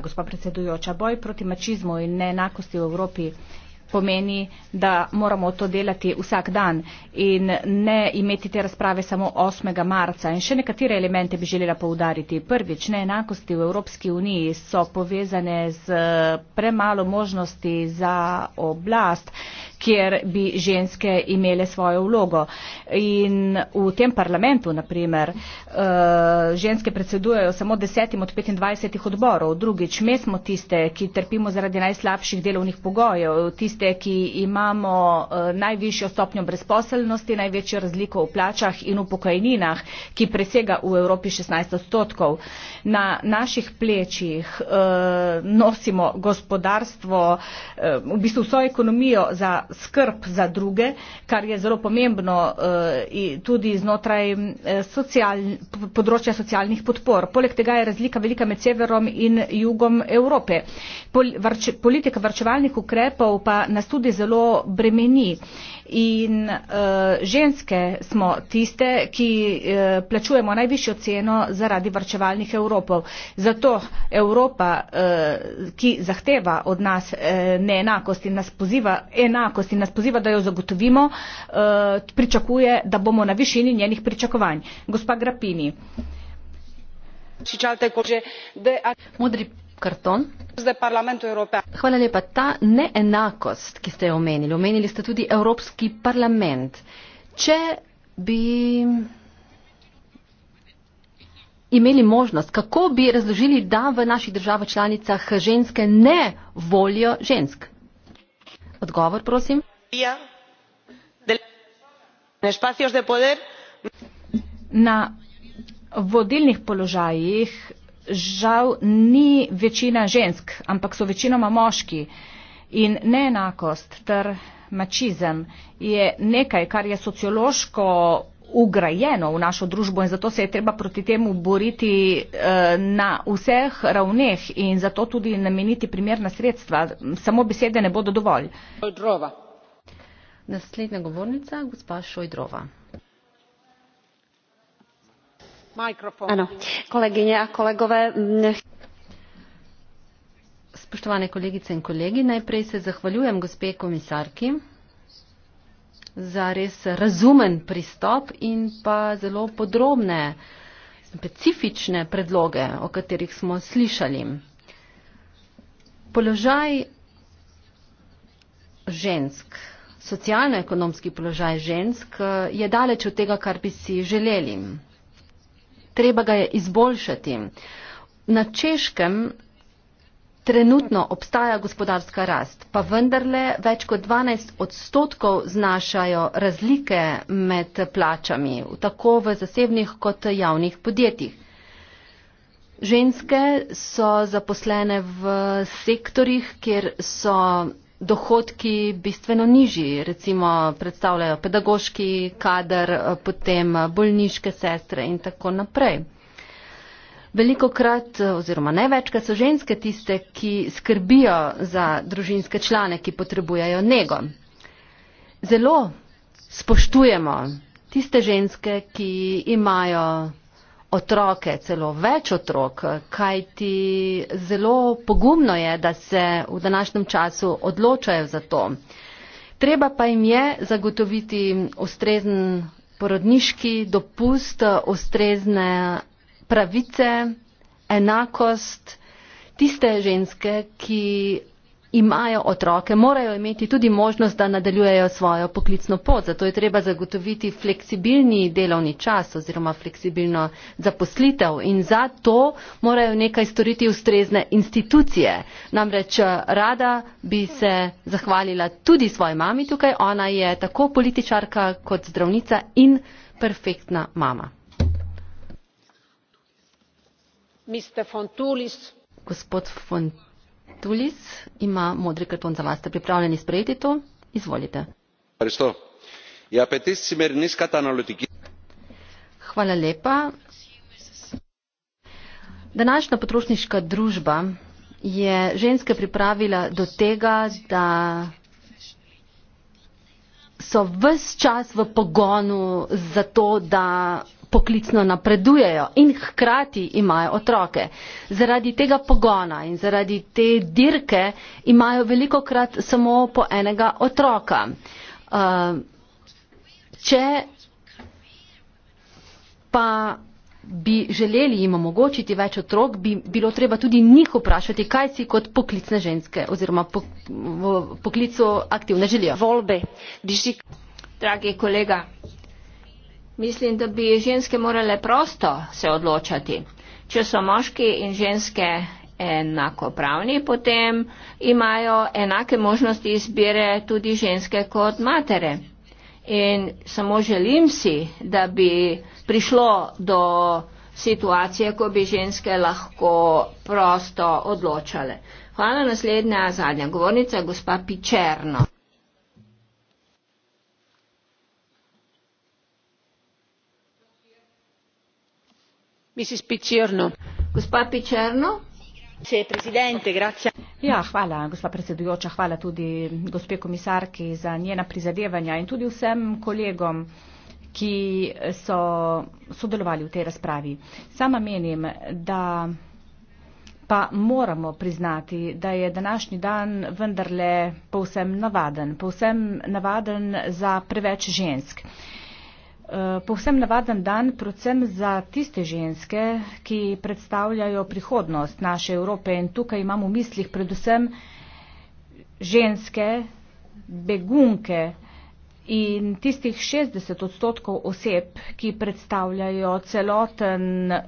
Speaker 2: gospa predsedujoča boj proti mačizmu in neenakosti v evropi pomeni da moramo to delati vsak dan in ne imeti te razprave samo osem marca in še nekatere elemente bi želela poudariti prvič neenakosti v evropski uniji so povezane s premalo možnosti za oblast kjer bi ženske imele svojo vlogo. In v tem parlamentu, naprimer, eh, ženske predsedujejo samo 10 od 25 odborov. Drugič, mi smo tiste, ki trpimo zaradi najslabših delovnih pogojev, tiste, ki imamo eh, najvišjo stopnjo brezposelnosti, največjo razliko v plačah in v pokojninah, ki presega v Evropi 16 odstotkov. Na naših plečih eh, nosimo gospodarstvo, v bistvu vso ekonomijo za skrb za druge, kar je zelo pomembno uh, tudi znotraj eh, social, področja socialnih podpor. Poleg tega je razlika velika med severom in jugom Evrope. Pol, varč, politika varčevalnih ukrepov pa nas tudi zelo bremeni. Uh, In uh, ženske smo tiste, ki uh, plačujemo najvišjo ceno zaradi varčevalnih Evropov. Zato Evropa, uh, ki zahteva od nas uh, neenakost in nas poziva, enakost in nas poziva, da jo zagotovimo, uh, pričakuje, da bomo na višini njenih pričakovanj. Gospa Grapini. Modri
Speaker 3: ta neenakost ki ste jo omenili omenili ste tudi evropski parlament če bi imeli možnost kako bi razložili da v naših državah članicah ženske ne volijo žensk odgovor prosim
Speaker 2: ja. na vodilnih položajih žal ni večina žensk, ampak so večinoma moški. In neenakost ter mačizem je nekaj, kar je sociološko ugrajeno v našo družbo in zato se je treba proti temu boriti eh, na vseh ravneh in zato tudi nameniti primerna sredstva. Samo besede ne bodo dovolj. Šojdrova. Naslednja govornica, gospa Šojdrova.
Speaker 3: Ano, kolegyně a kolegové, spoštovane kolegice in kolegi, najprej se zahvaljujem gospe komisarki za res razumen pristop in pa zelo podrobne, specifične predloge, o katerih smo slišali. Položaj žensk, socialno-ekonomski položaj žensk eh, je daleč od tega, kar bi si želeli treba ga je izboljšati. Na Češkem trenutno obstaja gospodarska rast, pa vendarle več kot 12 odstotkov znašajo razlike med plačami, tako v zasebnih kot javnih podjetjih. Ženske so zaposlene v sektorjih, kjer so dohodki bistveno nižji, recimo predstavljajo pedagoški kader, potem bolniške sestre in tako naprej. Veliko krat oziroma največkrat so ženske tiste, ki skrbijo za družinske člane, ki potrebujejo nego. Zelo spoštujemo tiste ženske, ki imajo otroke, celo več otrok, kajti zelo pogumno je, da se v današnjem času odločajo za to. Treba pa jim je zagotoviti ustrezen porodniški dopust, ustrezne pravice, enakost tiste ženske, ki imajo otroke, morajo imeti tudi možnost, da nadaljujejo svojo poklicno pot. Zato je treba zagotoviti fleksibilni delovni čas oziroma fleksibilno zaposlitev in za to morajo nekaj storiti ustrezne institucije. Namreč eh, rada bi se zahvalila tudi svoji mami tukaj. Ona je tako političarka kot zdravnica in perfektna mama. Gospod Fontulis. Tulis ima modri karton za vas. Ste pripravljeni sprejeti to? Izvolite. Ja, Hvala lepa. Današnja potrošniška družba je ženske pripravila do tega, da so vse čas v pogonu za to, da poklicno napredujejo in hkrati imajo otroke. Zaradi tega pogona in zaradi te dirke imajo veliko krat samo po enega otroka. Uh, če pa bi želeli jim omogočiti več otrok, bi bilo treba tudi njih vprašati, kaj si kot poklicne ženske oziroma po, v poklicu aktivne želijo. Volbe, diši, dragi kolega. Mislim, da bi ženske
Speaker 1: morale prosto se odločati. Če so moški in ženske enakopravni, potem imajo enake možnosti izbire tudi ženske kot matere. In samo želim si, da bi prišlo do situacije, ko bi ženske lahko prosto odločale. Hvala naslednja zadnja govornica, gospa Pičerno.
Speaker 2: Ja, gospa predsedujoča hvala tudi gospe komisarki za njena prizadevanja in tudi vsem kolegom ki so sodelovali v tej razpravi. Sama menim, da pa moramo priznati, da je današnji dan vendarle povsem navaden, povsem navaden za preveč žensk. Uh, Eh, povsem navaden dan, predvsem za tiste ženske, ki predstavljajo prihodnost naše Evrope. In tukaj imam v mislih predvsem ženske, begunke, In tistih 60 odstotkov oseb, ki predstavljajo celoten eh,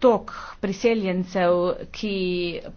Speaker 2: tok priseljencev, ki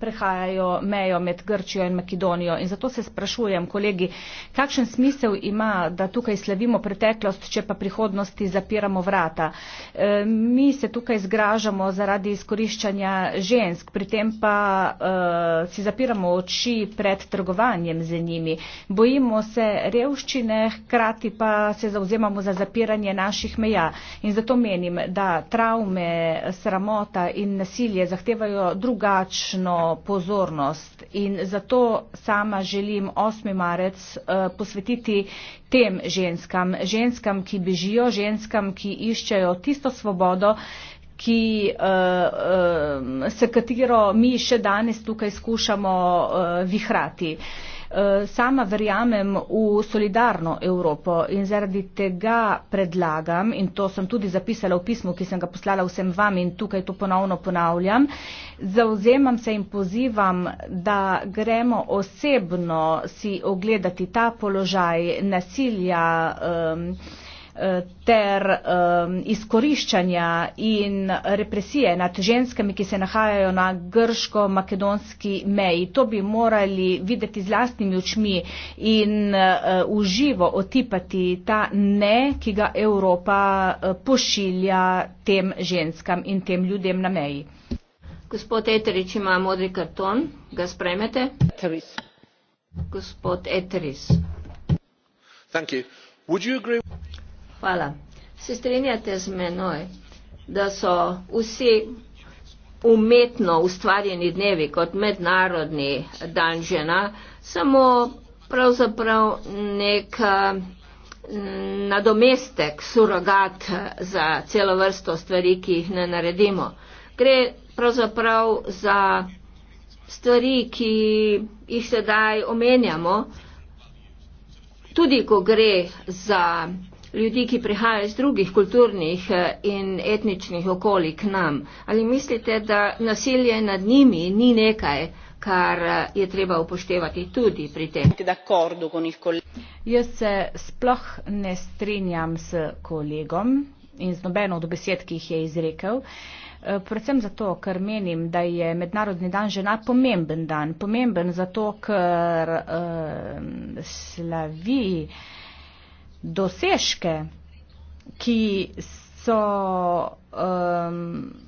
Speaker 2: prehajajo mejo med Grčijo in Makedonijo. In zato se sprašujem, kolegi, kakšen smisel ima, da tukaj slavimo preteklost, če pa prihodnosti zapiramo vrata. Eh, mi se tukaj zgražamo zaradi izkoriščanja žensk, pri tem pa eh, si zapiramo oči pred trgovanjem z njimi. Bojimo se revščine, hkrati hkrati pa se zauzemamo za zapiranje naših meja. In zato menim, da travme, sramota in nasilje zahtevajo drugačno pozornost. In zato sama želim 8. marec eh, posvetiti tem ženskam, ženskam, ki bežijo, ženskam, ki iščejo tisto svobodo, ki eh, eh, se katero mi še danes tukaj skušamo vihrati. Eh, sama verjamem v solidarno Evropo in zaradi tega predlagam, in to sem tudi zapisala v pismu, ki sem ga poslala vsem vam in tukaj to ponovno ponavljam, zauzemam se in pozivam, da gremo osebno si ogledati ta položaj nasilja. Um, ter um, izkoriščanja in represije nad ženskami, ki se nahajajo na grško-makedonski meji. To bi morali videti z lastnimi očmi in uh, e, uživo otipati ta ne, ki ga Evropa uh, pošilja tem ženskam in tem ljudem na meji. Gospod Eterič ima modri karton,
Speaker 1: ga sprejmete? Eteris. Gospod Eteris. Hvala. Se strinjate z menoj, da so vsi umetno ustvarjeni dnevi kot mednarodni dan žena, samo pravzaprav nek nadomestek, surogat za celo vrsto stvari, ki jih ne naredimo. Gre pravzaprav za stvari, ki jih sedaj omenjamo, tudi ko gre za ljudi, ki prihajajo iz drugih kulturnih eh, in etničnih okolij k nam. Ali mislite, da nasilje nad njimi ni nekaj,
Speaker 2: kar eh, je treba upoštevati tudi pri tem? Jaz se sploh ne strinjam s kolegom in z nobeno od besed, ki jih je izrekel. Eh, predvsem zato, ker menim, da je Mednarodni dan žena pomemben dan. Pomemben zato, ker uh, slavi uh, dosežke, ki so um,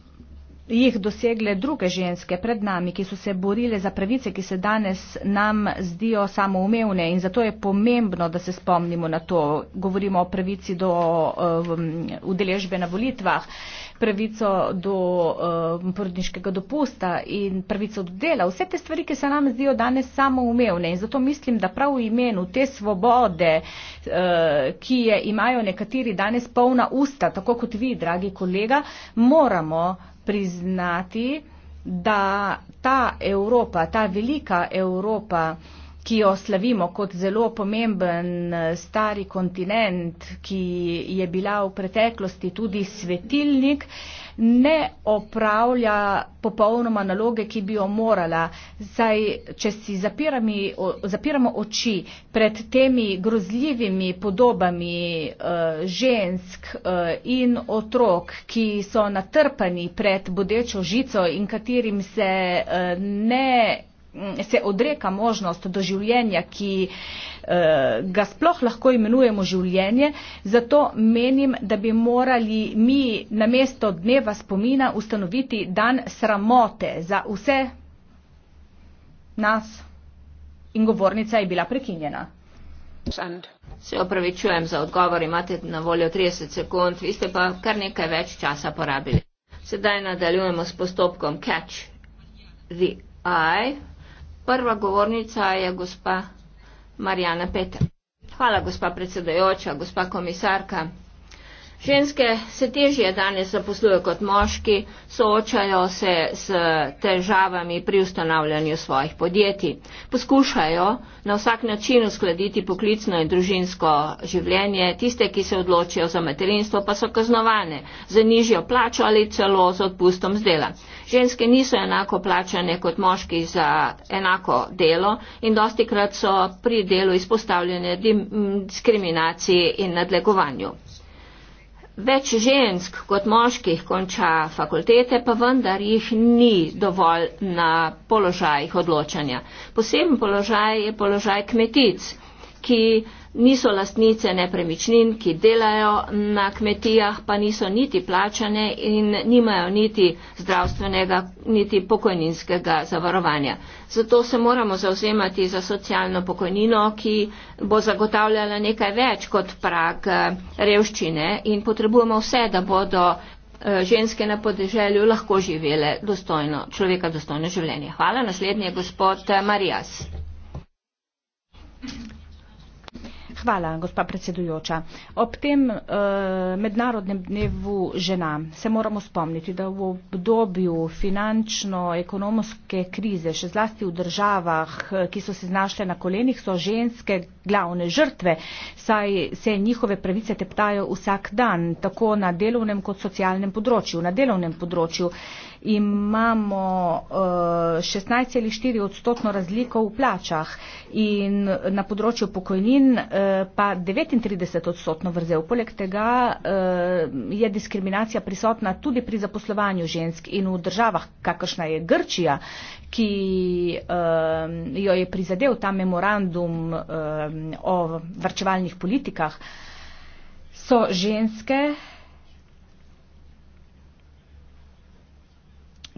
Speaker 2: jih dosegle druge ženske pred nami, ki so se borile za pravice, ki se danes nam zdijo samoumevne in zato je pomembno, da se spomnimo na to. Govorimo o pravici do eh, udeležbe na volitvah, pravico do eh, porodniškega dopusta in pravico do dela. Vse te stvari, ki se nam zdijo danes samoumevne in zato mislim, da prav v imenu te svobode, eh, ki je imajo nekateri danes polna usta, tako kot vi, dragi kolega, moramo priznati, da ta Evropa, ta velika Evropa, ki jo slavimo kot zelo pomemben stari kontinent, ki je bila v preteklosti tudi svetilnik, eh, ne opravlja popolnoma naloge, ki bi jo morala. Zdaj, če si zapirami, o, zapiramo oči pred temi grozljivimi podobami uh, žensk uh, in otrok, ki so natrpani pred bodečo žico in katerim se uh, ne Mm, se odreka možnost doživljenja, ki eh, ga sploh lahko imenujemo življenje, zato menim, da bi morali mi na mesto dneva spomina ustanoviti dan sramote za vse nas. In govornica je bila prekinjena.
Speaker 1: Se opravičujem za odgovor, imate na voljo 30 sekund, vi ste pa kar nekaj več časa porabili. Sedaj nadaljujemo s postopkom catch the eye. Prva govornica je gospa Marjana Petr. Hvala, gospa predsedojoča, gospa komisarka. Ženske se težje danes zaposlujejo kot moški, soočajo se s težavami pri ustanavljanju svojih podjetij. Poskušajo na vsak način uskladiti poklicno in družinsko življenje, tiste, ki se odločijo za materinstvo, pa so kaznovane za nižjo plačo ali celo z odpustom z dela. Ženske niso enako plačane kot moški za enako delo in dosti krat so pri delu izpostavljene diskriminaciji in nadlegovanju. Več žensk kot moških konča fakultete, pa vendar jih ni dovolj na položajih odločanja. Poseben položaj je položaj kmetic ki niso lastnice nepremičnin, ki delajo na kmetijah, pa niso niti plačane in nimajo niti zdravstvenega, niti pokojninskega zavarovanja. Zato se moramo zauzemati za socialno pokojnino, ki bo zagotavljala nekaj več kot prag eh, revščine in potrebujemo vse, da bodo eh, ženske na podeželju lahko živele dostojno, človeka dostojno življenje. Hvala, naslednji je gospod eh, Marijas.
Speaker 2: Hvala, gospa predsedujoča. Ob tem eh, mednarodnem dnevu žena se moramo spomniti, da v obdobju finančno-ekonomske krize, še zlasti v državah, eh, ki so se znašle na kolenih, so ženske glavne žrtve, saj se njihove pravice teptajo vsak dan, tako na delovnem kot socialnem področju. Na delovnem področju imamo uh, eh, 16,4 odstotno razliko v plačah in na področju pokojnin uh, pa 39 odstotno vrzel. Poleg tega uh, je diskriminacija prisotna tudi pri zaposlovanju žensk in v državah, kakršna je Grčija, ki uh, jo je prizadel ta memorandum uh, o vrčevalnih politikah, so ženske.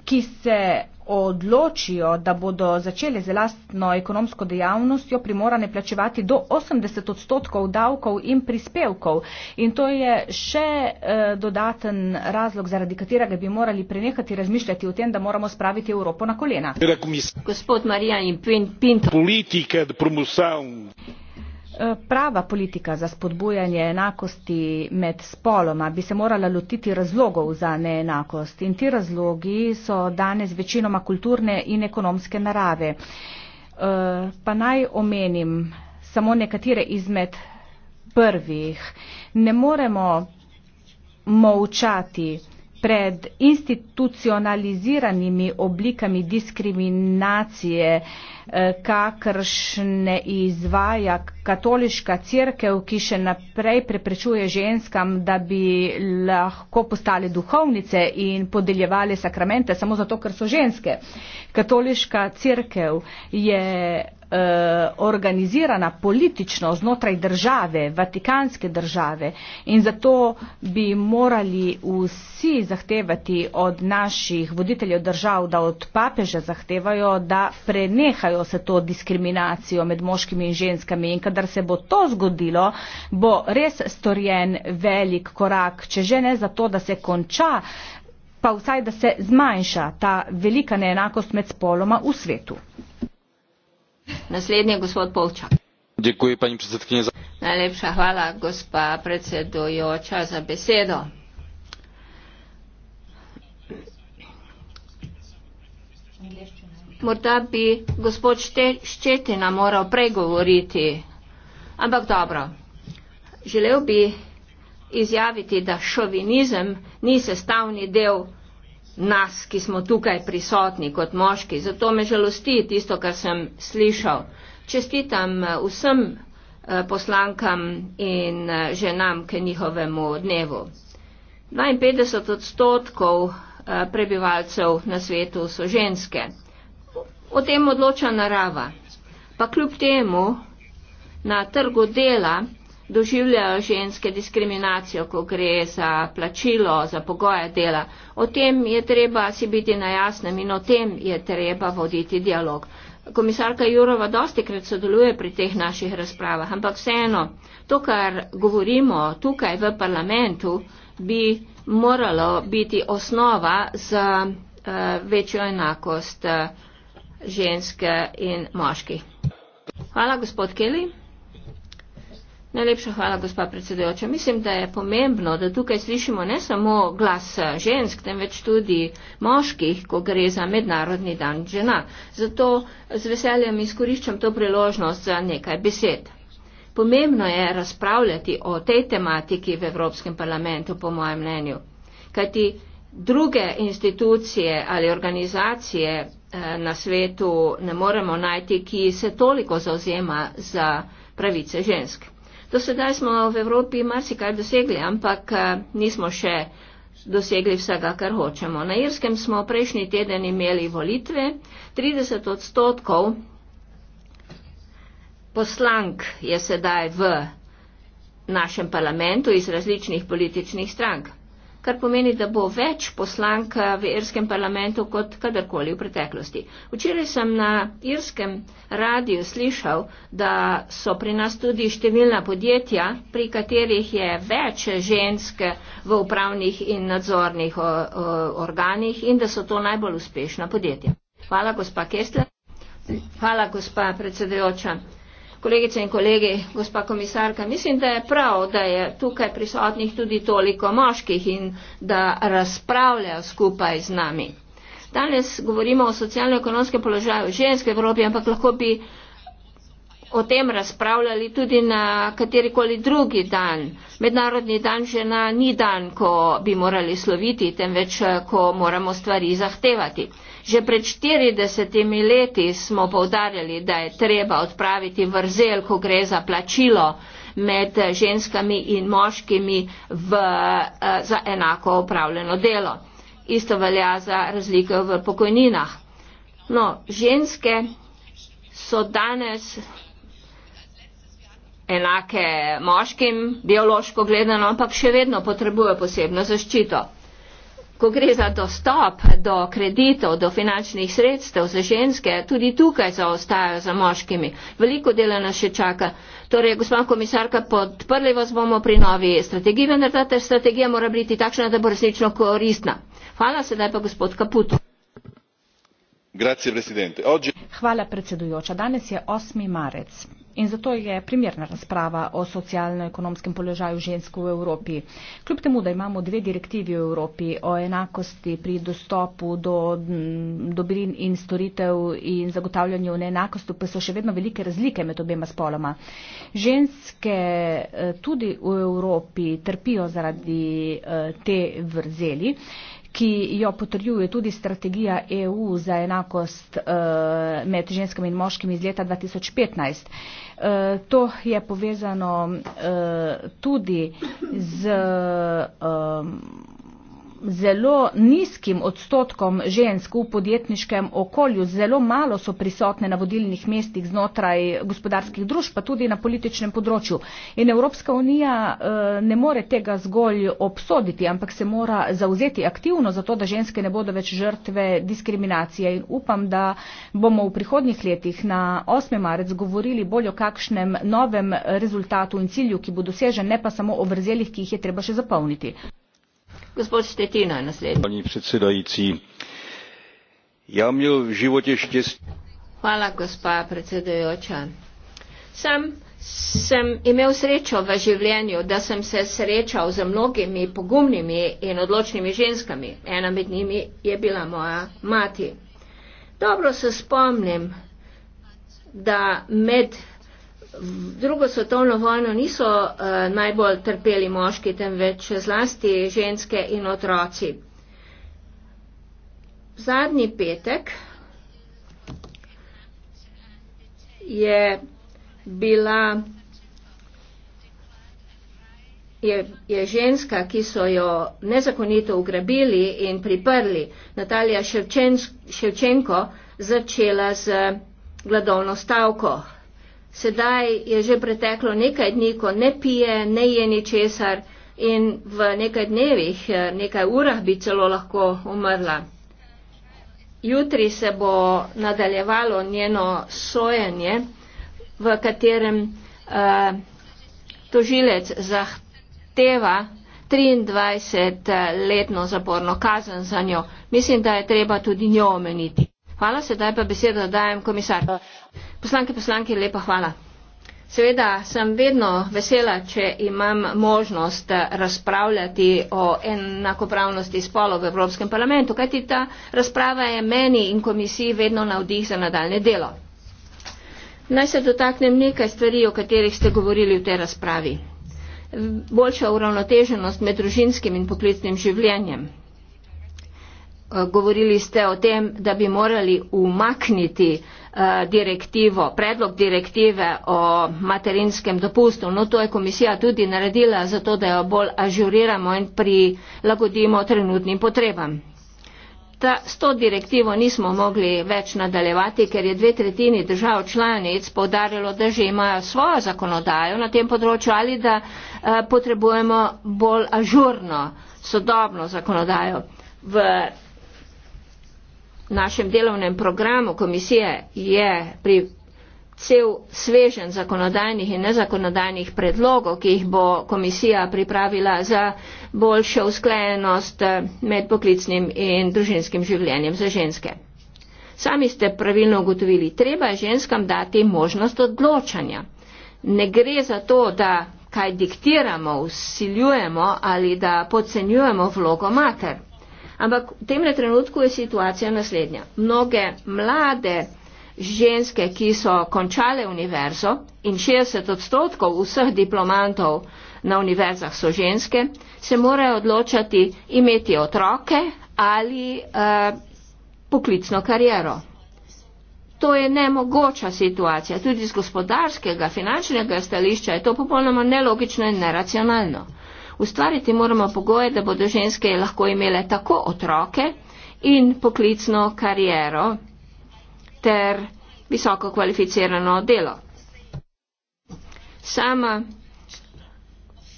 Speaker 2: ki se odločijo, da bodo začele z lastno ekonomsko dejavnostjo primorane plačevati do 80 odstotkov davkov in prispevkov. In to je še eh, dodaten razlog, zaradi katerega bi morali prenehati razmišljati o tem, da moramo spraviti Evropo na kolena. Gospod Marijan in Pinto. Eh, prava politika za spodbujanje enakosti med spoloma bi se morala lotiti razlogov za neenakost in ti razlogi so danes večinoma kulturne in ekonomske narave. Eh, pa naj omenim samo nekatere izmed prvih. Ne moremo molčati pred institucionaliziranimi oblikami diskriminacije, eh, kakršne izvaja katoliška crkev, ki še naprej preprečuje ženskam, da bi lahko postale duhovnice in podeljevali sakramente samo zato, ker so ženske. Katoliška crkev je Eh, organizirana politično znotraj države, vatikanske države in zato bi morali vsi zahtevati od naših voditeljev držav, da od papeža zahtevajo, da prenehajo se to diskriminacijo med moškimi in ženskami in kadar se bo to zgodilo, bo res storjen velik korak, če že ne zato, da se konča, pa vsaj da se zmanjša ta velika neenakost med spoloma v svetu. Naslednji je gospod Polčak.
Speaker 3: Děkuji, paní předsedkyně. Za...
Speaker 1: Najlepša hvala, gospa predsedujoča, za besedo. Morda bi gospod Ščetina moral pregovoriti, ampak dobro. Želel bi izjaviti, da šovinizem ni sestavni del nas, ki smo tukaj prisotni kot moški. Zato me žalosti tisto, kar sem slišal. Čestitam eh, vsem eh, poslankam in eh, ženam k njihovemu dnevu. 52 odstotkov prebivalcev na svetu so ženske. O tem odloča narava. Pa kljub temu na trgu dela doživljajo ženske diskriminacijo, ko gre za plačilo, za pogoje dela. O tem je treba si biti na jasnem in o tem je treba voditi dialog. Komisarka Jurova dosti krat sodeluje pri teh naših razpravah, ampak vseeno, to, kar govorimo tukaj v parlamentu, bi moralo biti osnova za uh, večjo enakost uh, ženske in moških. Hvala, gospod Kelly. Najlepša hvala, gospa predsedujoča. Mislim, da je pomembno, da tukaj slišimo ne samo glas eh, žensk, temveč tudi moških, ko gre za mednarodni dan žena. Zato z veseljem izkoriščam to priložnost za nekaj besed. Pomembno je razpravljati o tej tematiki v Evropskem parlamentu, po mojem mnenju. Kajti druge institucije ali organizacije eh, na svetu ne moremo najti, ki se toliko zauzema za pravice žensk. Do sedaj smo v Evropi marsikaj dosegli, ampak eh, nismo še dosegli vsega, kar hočemo. Na Irskem smo prejšnji teden imeli volitve. 30 odstotkov poslank je sedaj v našem parlamentu iz različnih političnih strank kar pomeni, da bo več poslanka eh, v irskem parlamentu kot kadarkoli v preteklosti. Včeraj sem na irskem radiju slišal, da so pri nas tudi številna podjetja, pri katerih je več žensk v upravnih in nadzornih o, o, organih in da so to najbolj uspešna podjetja. Hvala, gospa Kessler. Hvala, gospa predsedujoča. Kolegice in kolegi, gospa komisarka, mislim, da je prav, da je tukaj prisotnih tudi toliko moških in da razpravljajo skupaj z nami. Danes govorimo o socialno-ekonomskem položaju žensk v Evropi, ampak lahko bi o tem razpravljali tudi na katerikoli drugi dan. Mednarodni dan žena ni dan, ko bi morali sloviti, temveč ko moramo stvari zahtevati. Že pred 40 leti smo povdarjali, da je treba odpraviti vrzel, ko gre za plačilo med ženskami in moškimi v, eh, za enako upravljeno delo. Isto velja za razlike v pokojninah. No, ženske so danes enake moškim, biološko gledano, ampak še vedno potrebuje posebno zaščito. Ko gre za dostop do kreditov, do finančnih sredstev za ženske, tudi tukaj zaostajajo za moškimi. Veliko dela nas še čaka. Torej, gospod komisarka, podprli vas bomo pri novi strategiji, vendar ta strategija mora biti takšna, da bo resnično koristna.
Speaker 2: Hvala sedaj pa gospod Kaputu. Hvala predsedujoča. Danes je 8. marec. In zato je primerna razprava o socialno-ekonomskem položaju žensk v Evropi. Kljub temu, da imamo dve direktivi v Evropi o enakosti pri dostopu do dobrin in storitev in zagotavljanju neenakosti, pa so še vedno velike razlike med obema spoloma. Ženske eh, tudi v Evropi trpijo zaradi eh, te vrzeli ki jo potrjuje tudi strategija EU za enakost eh, med ženskami in moškimi iz leta 2015. Eh, to je povezano eh, tudi z zelo nizkim odstotkom žensk v podjetniškem okolju, zelo malo so prisotne na vodilnih mestih znotraj gospodarskih družb, pa tudi na političnem področju. In Evropska unija eh, ne more tega zgolj obsoditi, ampak se mora zauzeti aktivno za to, da ženske ne bodo več žrtve diskriminacije. In upam, da bomo v prihodnjih letih na 8. marec govorili bolj o kakšnem novem rezultatu in cilju, ki bo dosežen, ne pa samo o vrzelih, ki jih je treba še zapolniti
Speaker 3: paní předsedající já měl v životě štěstí.
Speaker 1: hvala gospa predsedujoča sam sem imel srečo v življenju da sem se srečal z mnogimi pogumnimi in odločnimi ženskami ena med njimi je bila moja mati dobro se spomnim da med drugo svetovno vojno niso uh, najbolj trpeli moški, temveč zlasti ženske in otroci. Zadnji petek je bila je, je ženska, ki so jo nezakonito ugrabili in priprli, Natalija Ševčenko, začela z gladovno stavko. Sedaj je že preteklo nekaj dni, ko ne pije, ne je ničesar in v nekaj dnevih, eh, nekaj urah bi celo lahko umrla. Jutri se bo nadaljevalo njeno sojenje, v katerem uh, tožilec zahteva 23-letno zaporno kazen za njo. Mislim, da je treba tudi njo omeniti. Hvala, sedaj pa besedo dajem komisarju. Poslanke, poslanke, lepa hvala. Seveda sem vedno vesela, če imam možnost razpravljati o enakopravnosti spolov v Evropskem parlamentu, kajti ta razprava je meni in komisiji vedno navdih za nadaljne delo. Naj se dotaknem nekaj stvari, o katerih ste govorili v tej razpravi. Boljša uravnoteženost med družinskim in poklicnim življenjem. Eh, govorili ste o tem, da bi morali umakniti eh, direktivo, predlog direktive o materinskem dopustu. No, to je komisija tudi naredila zato, da jo bolj ažuriramo in prilagodimo trenutnim potrebam. Ta, s to direktivo nismo mogli več nadaljevati, ker je dve tretjini držav članic povdarjalo, da že imajo svojo zakonodajo na tem področju ali da eh, potrebujemo bolj ažurno, sodobno zakonodajo. V našem delovnem programu komisije je pri cel svežen zakonodajnih in nezakonodajnih predlogov, ki jih bo komisija pripravila za boljšo usklajenost eh, med poklicnim in družinskim življenjem za ženske. Sami ste pravilno ugotovili, treba je ženskam dati možnost odločanja. Ne gre za to, da kaj diktiramo, usiljujemo ali da podcenjujemo vlogo mater. Ampak v tem trenutku je situacija naslednja. Mnoge mlade ženske, ki so končale univerzo in 60 odstotkov vseh diplomantov na univerzah so ženske, se morajo odločati imeti otroke ali eh, poklicno kariero. To je nemogoča situacija. Tudi z gospodarskega, finančnega stališča je to popolnoma nelogično in neracionalno. Ustvariti moramo pogoje, da bodo ženske lahko imele tako otroke in poklicno kariero ter visoko kvalificirano delo. Sama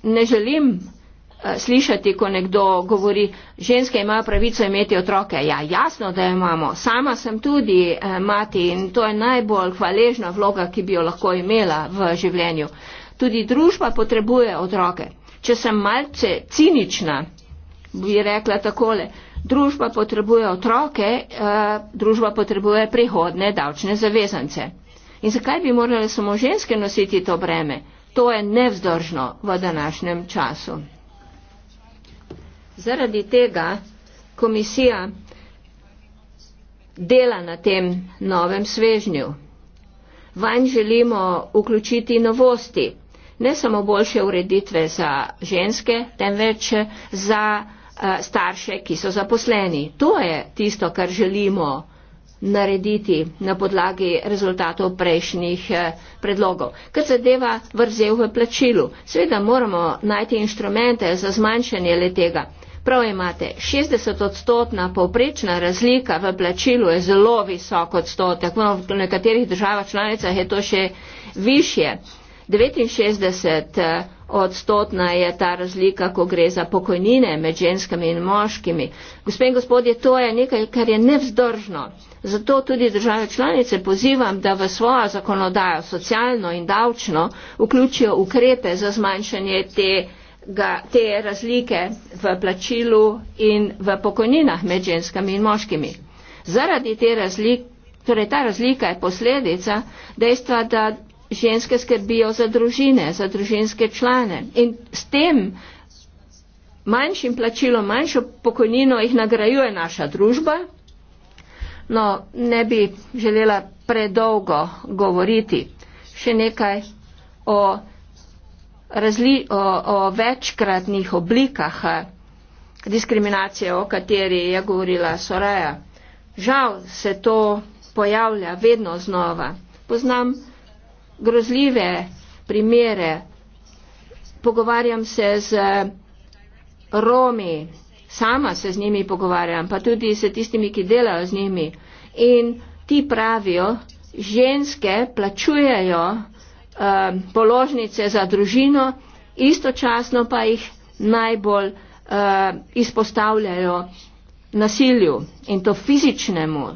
Speaker 1: ne želim eh, slišati, ko nekdo govori, ženske imajo pravico imeti otroke. Ja, jasno, da jo imamo. Sama sem tudi eh, mati in to je najbolj hvaležna vloga, ki bi jo lahko imela v življenju. Tudi družba potrebuje otroke. Če sem malce cinična, bi rekla takole, družba potrebuje otroke, eh, družba potrebuje prihodne davčne zavezance. In zakaj bi morale samo ženske nositi to breme? To je nevzdržno v današnjem času. Zaradi tega komisija dela na tem novem svežnju. Vanj želimo vključiti novosti, ne samo boljše ureditve za ženske, temveč za eh, starše, ki so zaposleni. To je tisto, kar želimo narediti na podlagi rezultatov prejšnjih eh, predlogov. Kar zadeva vrzel v plačilu, seveda moramo najti inštrumente za zmanjšanje le tega. Prav imate, 60 odstotna povprečna razlika v plačilu je zelo visok odstotek, v nekaterih državah članicah je to še višje. 69 eh, odstotna je ta razlika, ko gre za pokojnine med ženskami in moškimi. Gospe in gospodje, to je nekaj, kar je nevzdržno. Zato tudi države članice pozivam, da v svojo zakonodajo socialno in davčno vključijo ukrepe za zmanjšanje te, ga, te razlike v plačilu in v pokojninah med ženskami in moškimi. Zaradi te razlike, torej ta razlika je posledica dejstva, da ženske skrbijo za družine, za družinske člane in s tem manjšim plačilom, manjšo pokojnino jih nagrajuje naša družba. No, ne bi želela predolgo govoriti še nekaj o, razli, o, o večkratnih oblikah eh, diskriminacije, o kateri je govorila Soraja. Žal se to pojavlja vedno znova. Poznam grozljive primere. Pogovarjam se z Romi, sama se z njimi pogovarjam, pa tudi s tistimi, ki delajo z njimi. In ti pravijo, ženske plačujejo eh, položnice za družino, istočasno pa jih najbolj eh, izpostavljajo nasilju in to fizičnemu,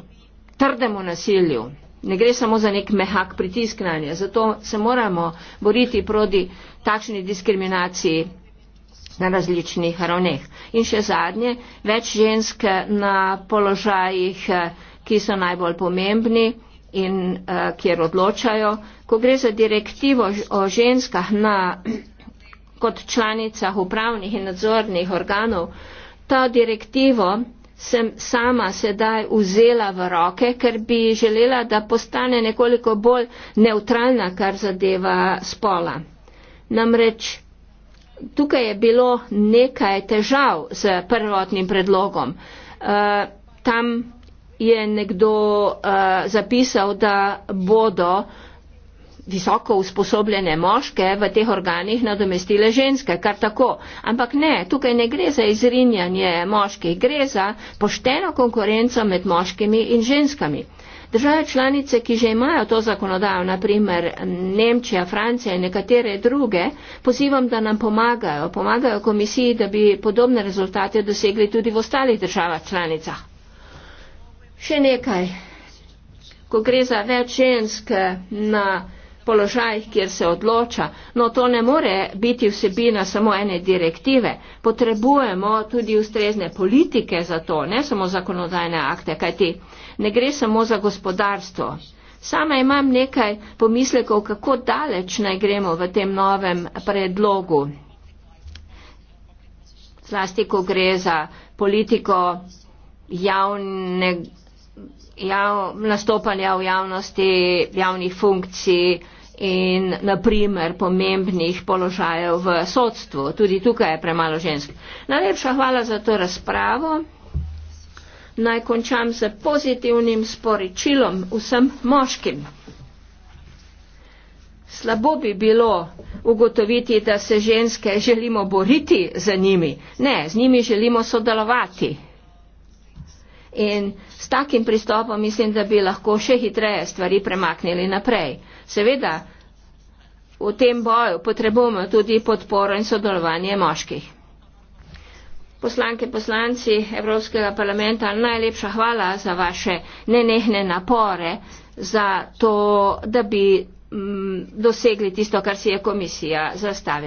Speaker 1: trdemu nasilju ne gre samo za nek mehak pritisknanje. Zato se moramo boriti proti takšni diskriminaciji na različnih ravneh. In še zadnje, več žensk na položajih, eh, ki so najbolj pomembni in uh, kjer odločajo. Ko gre za direktivo o ženskah na, kot članicah upravnih in nadzornih organov, ta direktivo sem sama sedaj vzela v roke, ker bi želela, da postane nekoliko bolj neutralna, kar zadeva spola. Namreč tukaj je bilo nekaj težav z prvotnim predlogom. Uh, tam je nekdo uh, zapisal, da bodo uh, visoko usposobljene moške v teh organih nadomestile ženske, kar tako. Ampak ne, tukaj ne gre za izrinjanje moških, gre za pošteno konkurenco med moškimi in ženskami. Države članice, ki že imajo to zakonodajo, naprimer Nemčija, Francija in nekatere druge, pozivam, da nam pomagajo, pomagajo komisiji, da bi podobne rezultate dosegli tudi v ostalih državah članicah. Še nekaj. Ko gre za več žensk na položaj, kjer se odloča, no to ne more biti vsebina samo ene direktive. Potrebujemo tudi ustrezne politike za to, ne samo zakonodajne akte, kajti ne gre samo za gospodarstvo. Sama imam nekaj pomislekov, kako daleč naj gremo v tem novem predlogu. Zlasti, ko gre za politiko javne, jav, nastopanja v javnosti, javnih funkcij, in naprimer pomembnih položajev v sodstvu. Tudi tukaj je premalo žensk. Najlepša hvala za to razpravo. Naj končam s pozitivnim sporočilom vsem moškim. Slabo bi bilo ugotoviti, da se ženske želimo boriti za njimi. Ne, z njimi želimo sodelovati. In S takim pristopom mislim, da bi lahko še hitreje stvari premaknili naprej. Seveda, v tem boju potrebujemo tudi podporo in sodelovanje moških. Poslanke, poslanci Evropskega parlamenta, najlepša hvala za vaše nenehne napore, za to, da bi m, mm, dosegli tisto, kar si je komisija zastavila.